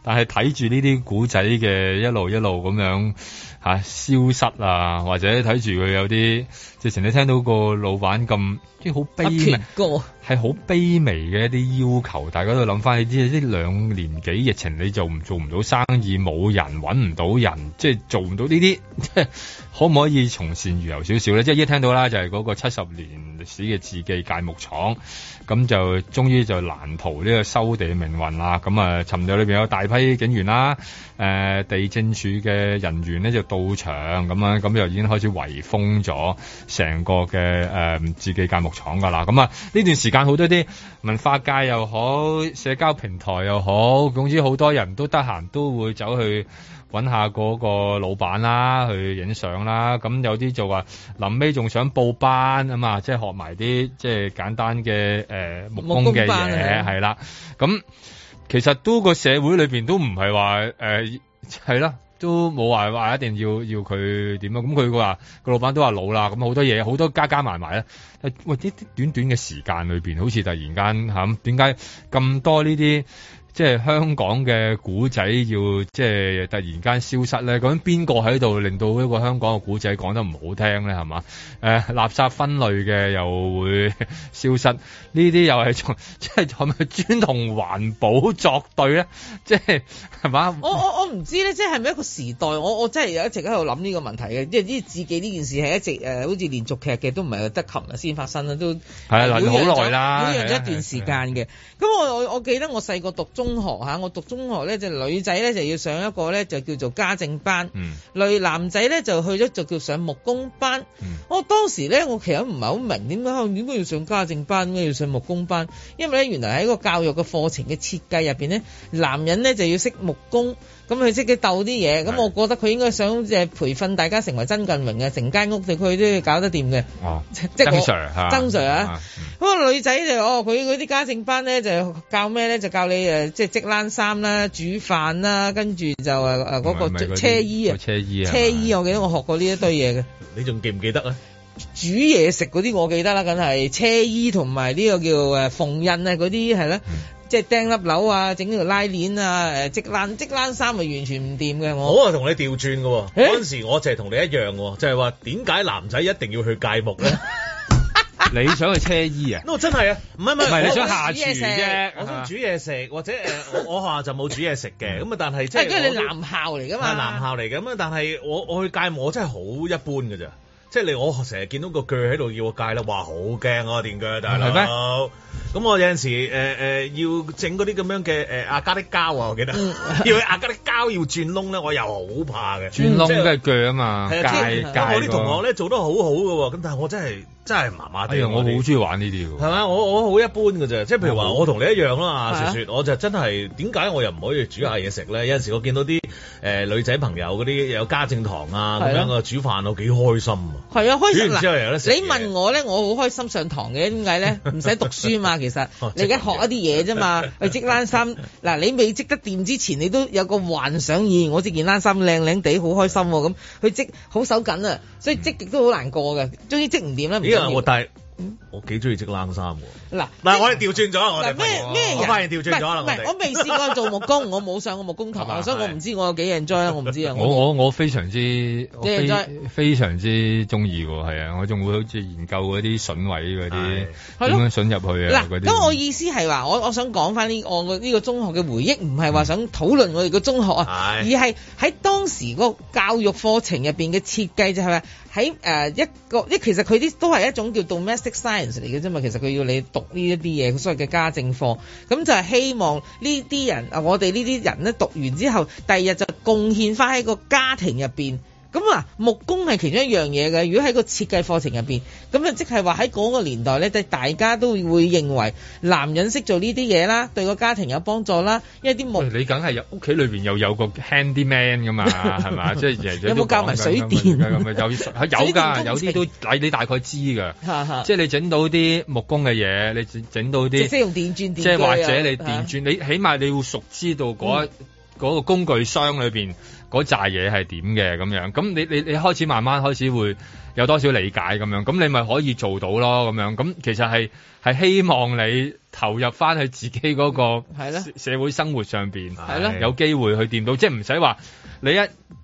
但係睇住呢啲古仔嘅一路一路咁樣消失啊，或者睇住佢有啲之前你聽到個老闆咁即係好悲，係好卑微嘅一啲要求，大家都諗翻起啲呢兩年幾疫情你做，你就唔做唔到生意，冇人揾唔到人，即係做唔到呢啲，可唔可以從善如流少少咧？即係一聽到啦，就係嗰個七十年歷史嘅志記鎅木廠，咁就。終於就難逃呢個收地嘅命運啦！咁啊，尋日裏邊有大批警員啦，誒、呃，地政署嘅人員呢就到場咁樣，咁又已經開始圍封咗成個嘅誒、呃，自己間木廠噶啦。咁啊，呢段時間好多啲文化界又好，社交平台又好，總之好多人都得閒都會走去。揾下嗰個老闆啦，去影相啦。咁有啲就話臨尾仲想報班啊嘛，即係學埋啲即係簡單嘅誒木工嘅嘢係啦。咁其實都個社會裏邊都唔係話誒係啦，都冇話話一定要要佢點啊。咁佢話個老闆都話老啦，咁好多嘢好多加加埋埋啦喂，呢啲短短嘅時間裏邊，好似突然間嚇，點解咁多呢啲？即係香港嘅古仔要即係突然間消失咧，究竟邊個喺度令到一個香港嘅古仔講得唔好聽咧？係嘛？誒、呃，垃圾分類嘅又會消失，呢啲又係從即係係咪專同環保作對咧？即係係嘛？我我我唔知咧，即係咪一個時代？我我真係有一直喺度諗呢個問題嘅，即係自己呢件事係一直誒、呃，好似連續劇嘅都唔係得琴日先發生啦，都係啊，輪好耐啦，一段時間嘅。咁我我我記得我細個讀。中學吓，我讀中學咧，就女仔咧就要上一個咧就叫做家政班，嗯、女男仔咧就去咗就叫上木工班。嗯、我當時咧，我其實唔係好明點解，我點解要上家政班，點解要上木工班？因為咧，原來喺一個教育嘅課程嘅設計入邊咧，男人咧就要識木工。咁佢即刻鬥啲嘢，咁我覺得佢應該想誒培訓大家成為曾近榮嘅，成間屋佢都要搞得掂嘅。哦，即 *laughs* 係、啊、曾 Sir 曾 Sir 咁女仔就是、哦，佢嗰啲家政班咧就教咩咧？就教你誒，即係織冷衫啦、煮飯啦、啊，跟住就嗰、啊那個啊那個車衣啊、車衣啊、車衣。我記得我學過呢一堆嘢嘅。你仲記唔記得？煮嘢食嗰啲我記得啦，梗係車衣同埋呢個叫誒縫紉啊嗰啲係啦。即係釘粒鈕啊，整條拉鏈啊，誒、呃，織爛織爛衫咪完全唔掂嘅我。我啊同你調轉嘅，嗰、欸、陣時候我淨係同你一樣嘅，就係話點解男仔一定要去界木咧？ *laughs* 你想去車衣啊？我真係啊，唔係唔係，你想下廚啫？我想煮嘢食、啊、或者我下就冇煮嘢食嘅，咁 *laughs* 啊但係即係。因為你男校嚟噶嘛？男校嚟嘅，咁啊但係我我去界木真係好一般嘅咋。即係你我成日見到個鋸喺度要我戒咧，哇好驚啊！電鋸大佬，咁我有陣時誒誒、呃呃、要整嗰啲咁樣嘅誒加厘膠啲膠啊，我記得， *laughs* 要阿加厘啲膠要轉窿咧，我又好怕嘅，轉窿都係鋸啊嘛，係、就是、戒。咁我啲同學咧做得好好喎。咁但係我真係。真係麻麻哋，我好中意玩呢啲喎。係咪？我我好一般嘅啫。即係譬如話，我同你一樣啦，雪雪、啊，我就真係點解我又唔可以煮下嘢食咧？啊？有陣時我見到啲誒、呃、女仔朋友嗰啲有家政堂啊咁、啊、樣煮飯我幾開心啊。啊，開心。然之後有得食。你問我咧，我好開心上堂嘅點解咧？唔使讀書啊嘛，其實你而家學一啲嘢啫嘛， *laughs* 去織冷衫。嗱， *laughs* 你未織得掂之前，你都有個幻想意。我織件冷衫靚靚地，好開心喎，啊。咁去織好手緊啊，所以織極都好難過嘅、嗯，終於織唔掂啦。但係我幾中意織冷衫喎，嗱、嗯、嗱，我哋調轉咗，我哋咩咩，我調轉咗，唔係，我未試過做木工， *laughs* 我冇上過木工課，所以我唔知我有幾 enjoy， *laughs* 我唔知啊。我我我非常之 enjoy，非，非常之中意喎。係啊，我仲會好似研究嗰啲筍位嗰啲，點、哎、樣筍入去啊嗱。咁我意思係話，我我想講翻呢，我呢個中學嘅回憶，唔係話想討論我哋嘅中學啊、嗯，而係喺當時個教育課程入邊嘅設計就係咪？喺誒一個，即其實佢啲都係一種叫 domestic science 嚟嘅啫嘛。其實佢要你讀呢一啲嘢，所謂嘅家政課，咁就係希望呢啲人啊，我哋呢啲人咧讀完之後第二日就貢獻翻喺個家庭入邊。咁啊，木工係其中一樣嘢嘅。如果喺個設計課程入面，咁啊，即係話喺嗰個年代咧，即係大家都會認為男人識做呢啲嘢啦，對個家庭有幫助啦。因為啲木，你梗係屋企裏面又有個 handy man 噶嘛，係 *laughs* 咪？即係有冇教埋水電？有噶，有啲都，你 *laughs* 你大概知噶。 *laughs* 即係你整到啲木工嘅嘢，你整到啲，即係用電鑽，即係或者你電鑽， *laughs* 你起碼你要熟知到嗰、嗰個、嗯嗰個工具箱裏面。嗰扎嘢係點嘅咁樣，咁你你你開始慢慢開始會有多少理解咁樣，咁你咪可以做到咯咁樣，咁其實係係希望你投入返去自己嗰個社會生活上面，係咧有機會去掂到，即係唔使話你一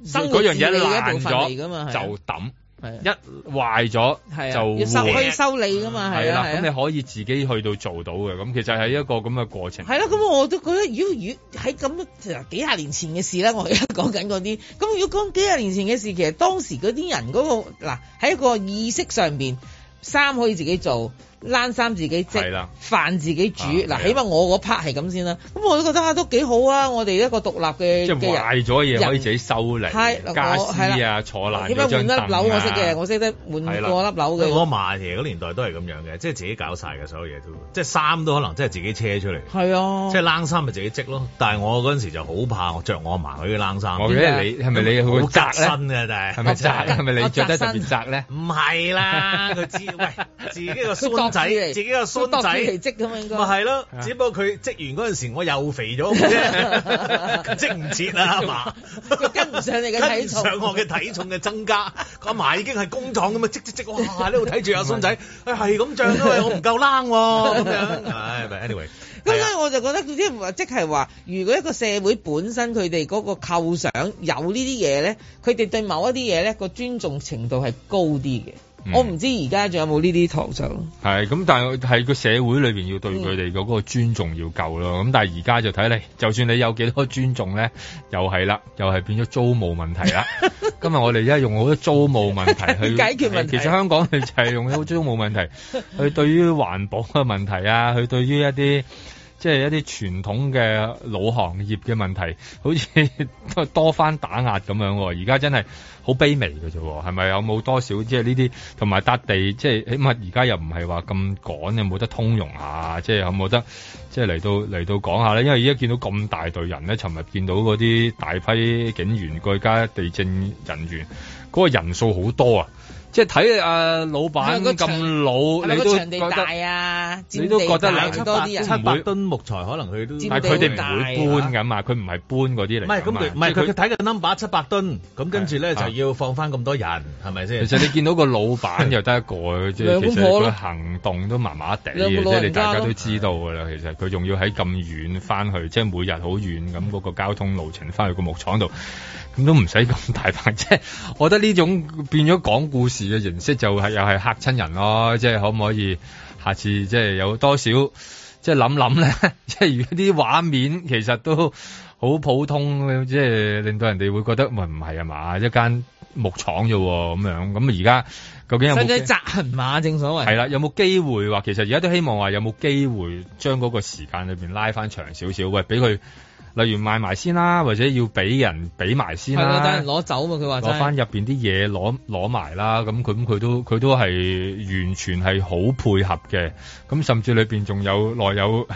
生嗰樣嘢爛咗就抌。一壞咗、啊、就要可以修理噶嘛，係啦、啊，咁、啊啊、你可以自己去到做到嘅，咁其實係一個咁嘅過程。係啦、啊，咁我都覺得，如果越喺咁幾廿年前嘅事呢，我而家講緊嗰啲，咁如果講幾廿年前嘅事，其實當時嗰啲人嗰、嗰個嗱喺一個意識上邊，三可以自己做。冷衫自己織，即飯自己煮。嗱、啊啊，起碼我嗰 part 係咁先啦。咁我都覺得啊，都幾好啊。我哋一個獨立嘅即係壞咗嘢可以自己收嚟、啊，傢俬啊，坐欄嗰張凳啊。一啊換一樓、啊，我識嘅，我識得換個粒樓嘅。我阿嫲其實嗰年代都係咁樣嘅，即係自己搞晒嘅所有嘢都，即係衫都可能即係自己車出嚟。係啊，即係冷衫咪自己織咯。但係我嗰陣時候就好怕我着我阿嫲嗰啲冷衫，點解你係咪你好窄身嘅？但係係咪窄？係咪你着得特別窄咧？唔 *laughs* 係啦，佢知道喂，自己個孫 *laughs* 仔自己個孫仔，咪係咯？只不過佢織完嗰陣時，我又肥咗，織唔切啊！阿嫲，啊啊、跟唔上你嘅體重，跟唔上我嘅體重嘅增加。個阿嫲已經係工廠咁樣織織織，哇！呢度睇住阿孫仔，誒係咁漲啊！啊這哎，咁樣我唔夠冷喎，啊。誒 *laughs* 咪，啊，anyway，咁所以我就覺得，即係話，如果一個社會本身佢哋嗰個構想有呢啲嘢咧，佢哋對某一啲嘢咧個尊重程度係高啲嘅。嗯、我唔知而家仲有冇呢啲堂上。係，咁但係個社會裏面要對佢哋嗰個尊重要夠咯。咁、嗯、但係而家就睇你，就算你有幾多尊重咧，又係啦，又係變咗租務問題啦。 *laughs* 今日我哋而家用好多租務問題去 *laughs* 解決問題。其實香港就係用好多租務問題去對於環保嘅問題啊，去 *laughs* 對於一啲。即係一啲傳統嘅老行業嘅問題，好似多番打壓咁樣。而家真係好卑微㗎啫，係咪有冇多少即係呢啲同埋笪地？即係起碼而家又唔係話咁趕，又冇得通融下。即係有冇得即係嚟到嚟到講下咧？因為而家見到咁大隊人咧，尋日見到嗰啲大批警員，再加地政人員，嗰個人數好多啊！即係睇阿老闆咁老是是大、啊大啊，你都覺得你都覺得多啲人，七百七百噸木材可能佢都，但係佢哋唔會搬㗎嘛！佢唔係搬嗰啲嚟。唔係咁佢唔係佢睇個 number 七百噸，咁跟住咧就要放翻咁多人，係咪先？其實你見到個老闆又得一個，即係其實佢、啊、行動都麻麻地嘅，即係你大家都知道㗎啦。其實佢仲要喺咁遠翻去，即係每日好遠咁嗰個交通路程翻去個木廠度，咁都唔使咁大即車。我覺得呢種變咗講故事。形式就係、是、又係嚇親人咯，即係可唔可以下次即係有多少即係諗諗咧？即係如果啲畫面其實都好普通，即係令到人哋會覺得喂，唔係啊嘛，一間木廠咋咁樣？咁而家究竟有冇？真真扎痕馬正所謂係啦，有冇機會話？其實而家都希望話有冇機會將嗰個時間裏邊拉翻長少少，喂，俾佢。例如賣埋先啦，或者要俾人俾埋先啦，等攞走嘛，佢話攞翻入邊啲嘢攞攞埋啦，咁佢佢都佢都係完全係好配合嘅，咁甚至裏邊仲有內有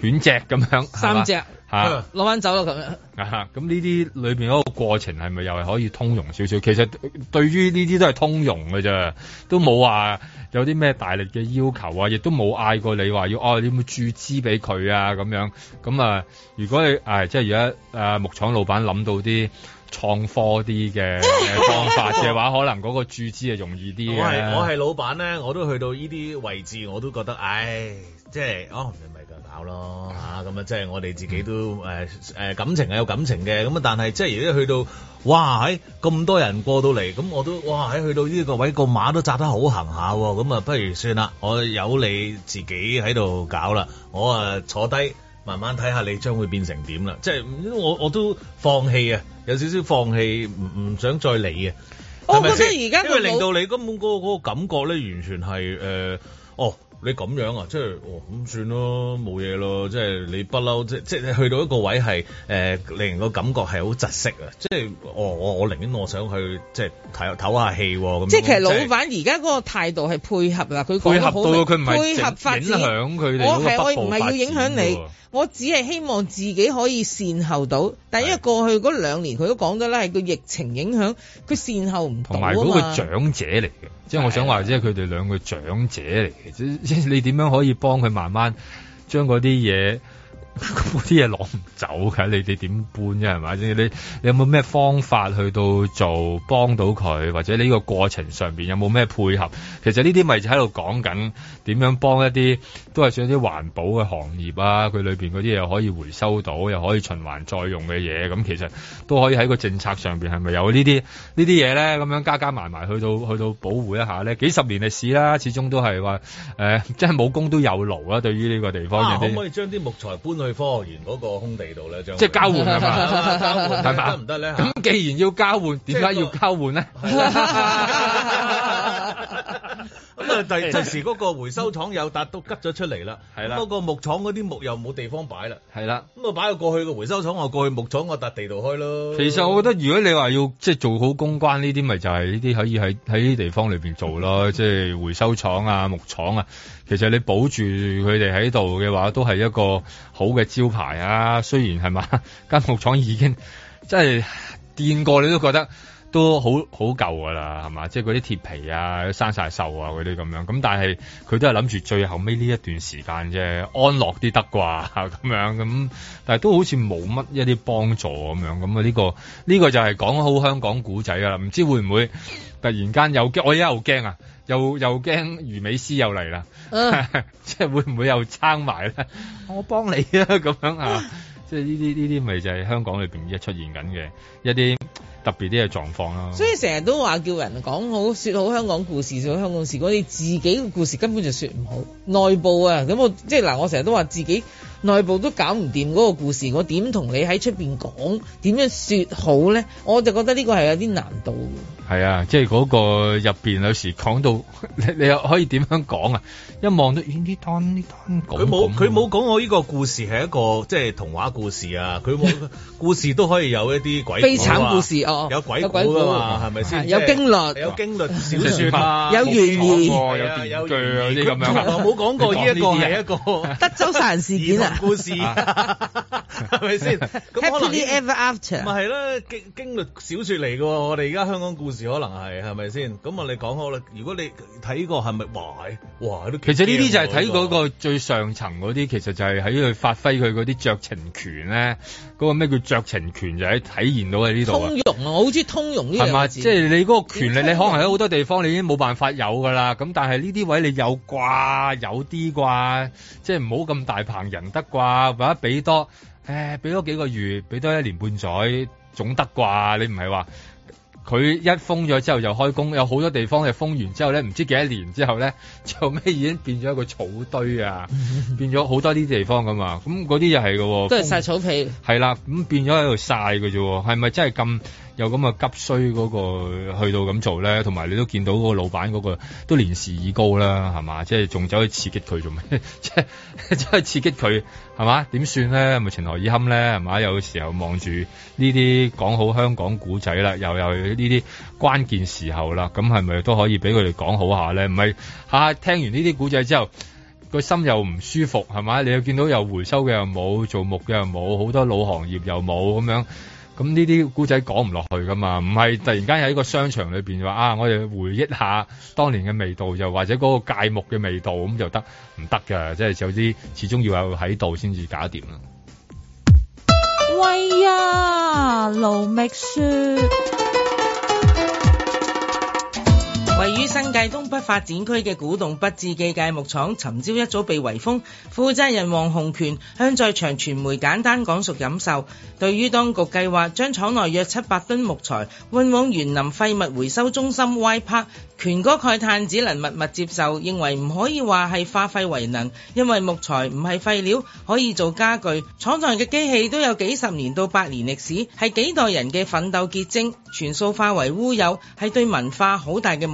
犬隻咁樣，三隻。老啊，攞翻走啦咁樣，咁呢啲裏邊嗰個過程係咪又係可以通融少少？其實對於呢啲都係通融嘅啫，都冇話有啲咩大力嘅要求啊，亦都冇嗌過你話要哦、啊，你有冇注資俾佢啊咁樣。咁啊，如果你誒、啊、即係而家誒木廠老闆諗到啲創科啲嘅方法嘅話， *laughs* 可能嗰個注資啊容易啲嘅、啊。我係我係老闆咧，我都去到呢啲位置，我都覺得唉，即係哦，唔係咯、嗯、咁啊，即係我哋自己都誒、呃呃、感情係有感情嘅咁啊，但係即係如果去到哇喺咁多人過到嚟，咁我都哇喺去到呢個位個馬都揸得好行下，咁、哦、啊，不如算啦，我由你自己喺度搞啦，我啊坐低慢慢睇下你將會變成點啦，即係我我都放棄啊，有少少放棄，唔唔想再理啊。我覺得而家因為令到你根本嗰、嗰個、哦嗰個感覺咧，完全係誒、呃、哦。你咁樣啊，即係哦咁算咯，冇嘢咯，即係你不嬲，即即你去到一個位係誒、呃，令人個感覺係好窒息啊！即係、哦、我我我寧願我想去即係睇唞下氣喎。即係、哦、其實老闆而家嗰個態度係配合啊，佢配合到佢唔係影響佢哋，我唔係要影響你。我只係希望自己可以善後到，但係因為過去嗰兩年佢都講咗啦，係個疫情影響佢善後唔到，同埋嗰個長者嚟嘅，即係我想話即係佢哋兩個長者嚟嘅，即係你點樣可以幫佢慢慢將嗰啲嘢？嗰啲嘢攞唔走嘅，你哋點搬啫？係咪？你你，你，你有冇咩方法去到做幫到佢，或者呢個過程上面有冇咩配合？其實呢啲咪就喺度講緊點樣幫一啲都係算一啲環保嘅行業啊，佢裏面嗰啲嘢可以回收到，又可以循環再用嘅嘢。咁、嗯、其實都可以喺個政策上面是是，係咪有呢啲呢啲嘢咧？咁樣加加埋埋去到去到保護一下咧，幾十年歷史啦，始終都係話誒，即係冇工都有勞啦、啊，對於呢個地方，啊、可唔可以將啲木材搬去？去科學園嗰個空地度咧，就即係交換係嘛，交換係嘛，得唔得咧？咁既然要交換，點解要交換咧？ *laughs* *laughs* 咁 *laughs* 啊！第時嗰個回收廠又搭到吉咗出嚟啦，係啦。嗰個木廠嗰啲木又冇地方擺啦，係啦。咁我擺咗過去個回收廠，我過去木廠，我搭地道開咯。其實我覺得，如果你話要即係、就是、做好公關，呢啲咪就係呢啲可以喺喺啲地方裏邊做咯。即、就、係、是、回收廠啊、木廠啊，其實你保住佢哋喺度嘅話，都係一個好嘅招牌啊。雖然係嘛，間 *laughs* 木廠已經即係掂過你都覺得。都好好舊噶啦，係嘛？即係嗰啲鐵皮啊，生曬鏽啊，嗰啲咁樣。咁但係佢都係諗住最後尾呢一段時間啫，安樂啲得啩咁樣。咁但係都好似冇乜一啲幫助咁樣。咁啊呢個呢個就係講好香港古仔啦。唔知會唔會突然間又驚？我而家好驚啊！又又驚魚尾獅又嚟啦！Uh. *laughs* 即係會唔會又撐埋咧？我幫你啊！咁樣啊！即係呢啲呢啲，咪就係香港裏邊而家出現緊嘅一啲。特別啲嘅狀況啦，所以成日都話叫人講好說好香港故事，說好香港事，我哋自己嘅故事根本就說唔好。內部啊，咁我即係嗱，我成日都話自己。內部都搞唔掂嗰個故事，我點同你喺出面講？點樣說好呢？我就覺得呢個係有啲難度。係啊，即係嗰個入面，有時講到你，你又可以點樣講啊？一望都呢啲，呢、哎、啲，佢冇佢冇講我呢個故事係一個即係、就是、童話故事啊！佢冇 *laughs* 故事都可以有一啲鬼、啊，悲慘故事、啊、哦，有鬼故噶、啊、嘛？係咪先？有驚慄、呃，有驚慄小説、啊、 *laughs* 有寓言、啊啊，有電鋸啊，啲咁樣有 *laughs* 啊，冇講過呢一個係一個德州殺人事件、啊 *laughs* *laughs* 故事係咪先？咁 *laughs* ever after，唔係，啦，經經歷小說嚟嘅喎。我哋而家香港故事可能係，係咪先？咁我哋講好啦，如果你睇過係咪？哇！哇！其實呢啲就係睇嗰個最上層嗰啲，其實就係喺佢發揮佢嗰啲酌情權咧。啊嗰、那個咩叫酌情權就喺體現到喺呢度啊！通融啊，我好知通融呢樣嘢。係嘛？即係、就是、你嗰個權力，你可能喺好多地方你已經冇辦法有噶啦。咁但係呢啲位你有啩，有啲啩，即係唔好咁大捧人得啩，或者俾多，唉，俾多幾個月，俾多一年半載總得啩。你唔係話？佢一封咗之後又開工，有好多地方係封完之後咧，唔知幾多年之後咧，就尾已經變咗一個草堆啊？ *laughs* 變咗好多啲地方㗎嘛，咁嗰啲又係㗎喎，都係曬草皮。係啦，咁變咗喺度曬嘅啫，係咪真係咁？有咁嘅急需嗰個去到咁做咧，同埋你都見到嗰個老闆嗰個都年事已高啦，係嘛？即係仲走去刺激佢做咩？走 *laughs* 去刺激佢係嘛？點算咧？係咪情何以堪咧？係嘛？有時候望住呢啲講好香港古仔啦，又有呢啲關鍵時候啦，咁係咪都可以俾佢哋講好下咧？唔係下聽完呢啲古仔之後，個心又唔舒服係嘛？你又見到又回收嘅又冇，做木嘅又冇，好多老行業又冇咁樣。咁呢啲古仔講唔落去㗎嘛，唔係突然間喺個商場裏面話啊，我哋回憶一下當年嘅味，味道，又或者嗰個芥末嘅味道咁就得唔得㗎？即係有啲始終要有喺度先至搞掂啦。喂啊，盧覓雪。位於新界東北發展區嘅古洞北志記鎅木廠，尋朝一早被圍封。負責人王鴻權向在場傳媒簡單講述感受，對於當局計劃將廠內約七百噸木材運往園林廢物回收中心 Y Park，權哥慨嘆只能默默接受，認為唔可以話係化廢為能，因為木材唔係廢料，可以做家具。廠內嘅機器都有幾十年到百年歷史，係幾代人嘅奮鬥結晶，全數化為烏有，係對文化好大嘅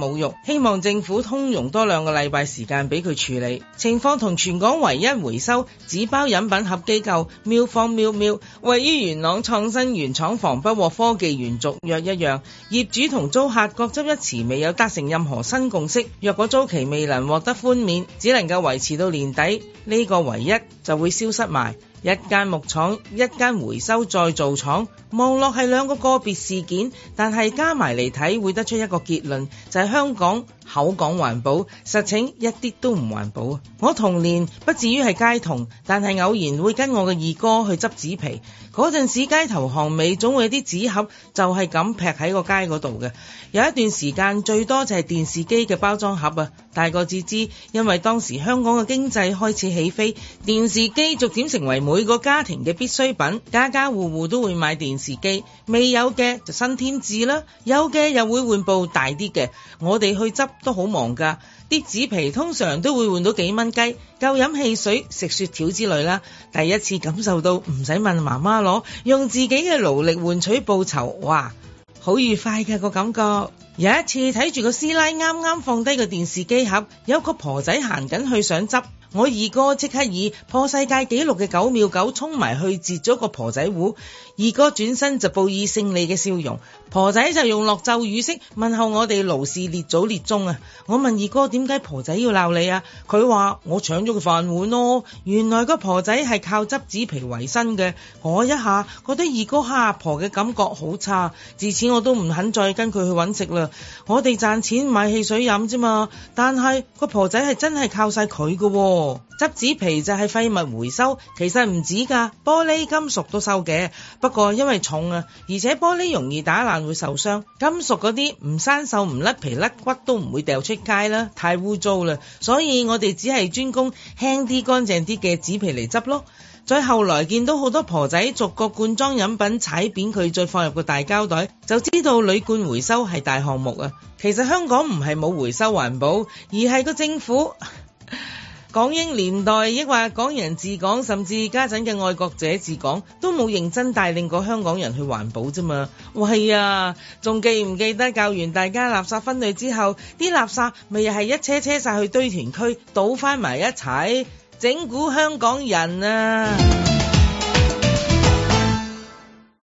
希望政府通融多兩個禮拜時間俾佢處理。情況同全港唯一回收紙包飲品盒機構妙方妙妙位於元朗創新園廠房，不獲科技園續約一樣，業主同租客各執一詞，未有達成任何新共識。若果租期未能獲得寬免，只能夠維持到年底，呢個唯一就會消失埋。一間木廠、一間回收再造廠，望落係兩個個別事件，但係加埋嚟睇，會得出一個結論，就係香港。口講環保，實情一啲都唔環保。我童年不至於係街童，但係偶然會跟我嘅二哥去執紙皮。嗰陣時，街頭巷尾總會有啲紙盒，就係咁劈喺個街嗰度嘅。有一段時間，最多就係電視機嘅包裝盒啊。大個至知，因為當時香港嘅經濟開始起飛，電視機逐漸成為每個家庭嘅必需品，家家戶戶都會買電視機。未有嘅就新添置啦，有嘅又會換部大啲嘅。我哋去執。都好忙噶，啲紙皮通常都會換到幾蚊雞，夠飲汽水、食雪條之類啦。第一次感受到唔使問媽媽攞，用自己嘅勞力換取報酬，哇，好愉快㗎個感覺。有一次睇住個師奶啱啱放低個電視機盒，有個婆仔行緊去想執，我二哥即刻以破世界紀錄嘅九秒九衝埋去截咗個婆仔糊。二哥轉身就報以勝利嘅笑容，婆仔就用落咒語式問候我哋勞氏列祖列宗啊！我問二哥點解婆仔要鬧你啊？佢話我搶咗個飯碗咯。原來個婆仔係靠執紙皮為生嘅，我一下覺得二哥蝦阿婆嘅感覺好差，自此我都唔肯再跟佢去搵食啦。我哋賺錢買汽水飲啫嘛，但係個婆仔係真係靠晒佢嘅。執紙皮就係廢物回收，其實唔止噶，玻璃、金屬都收嘅。不過因為重啊，而且玻璃容易打爛會受傷，金屬嗰啲唔生鏽唔甩皮甩骨都唔會掉出街啦，太污糟啦，所以我哋只係專攻輕啲乾淨啲嘅紙皮嚟執咯。再後來見到好多婆仔逐個罐裝飲品踩扁佢，再放入個大膠袋，就知道鋁罐回收係大項目啊。其實香港唔係冇回收環保，而係個政府。 *laughs* 港英年代，抑或港人治港，甚至家陣嘅愛國者治港，都冇認真帶領過香港人去環保啫嘛？喂啊，仲記唔記得教完大家垃圾分類之後，啲垃圾咪又係一車車晒去堆填區，倒翻埋一齊，整蠱香港人啊！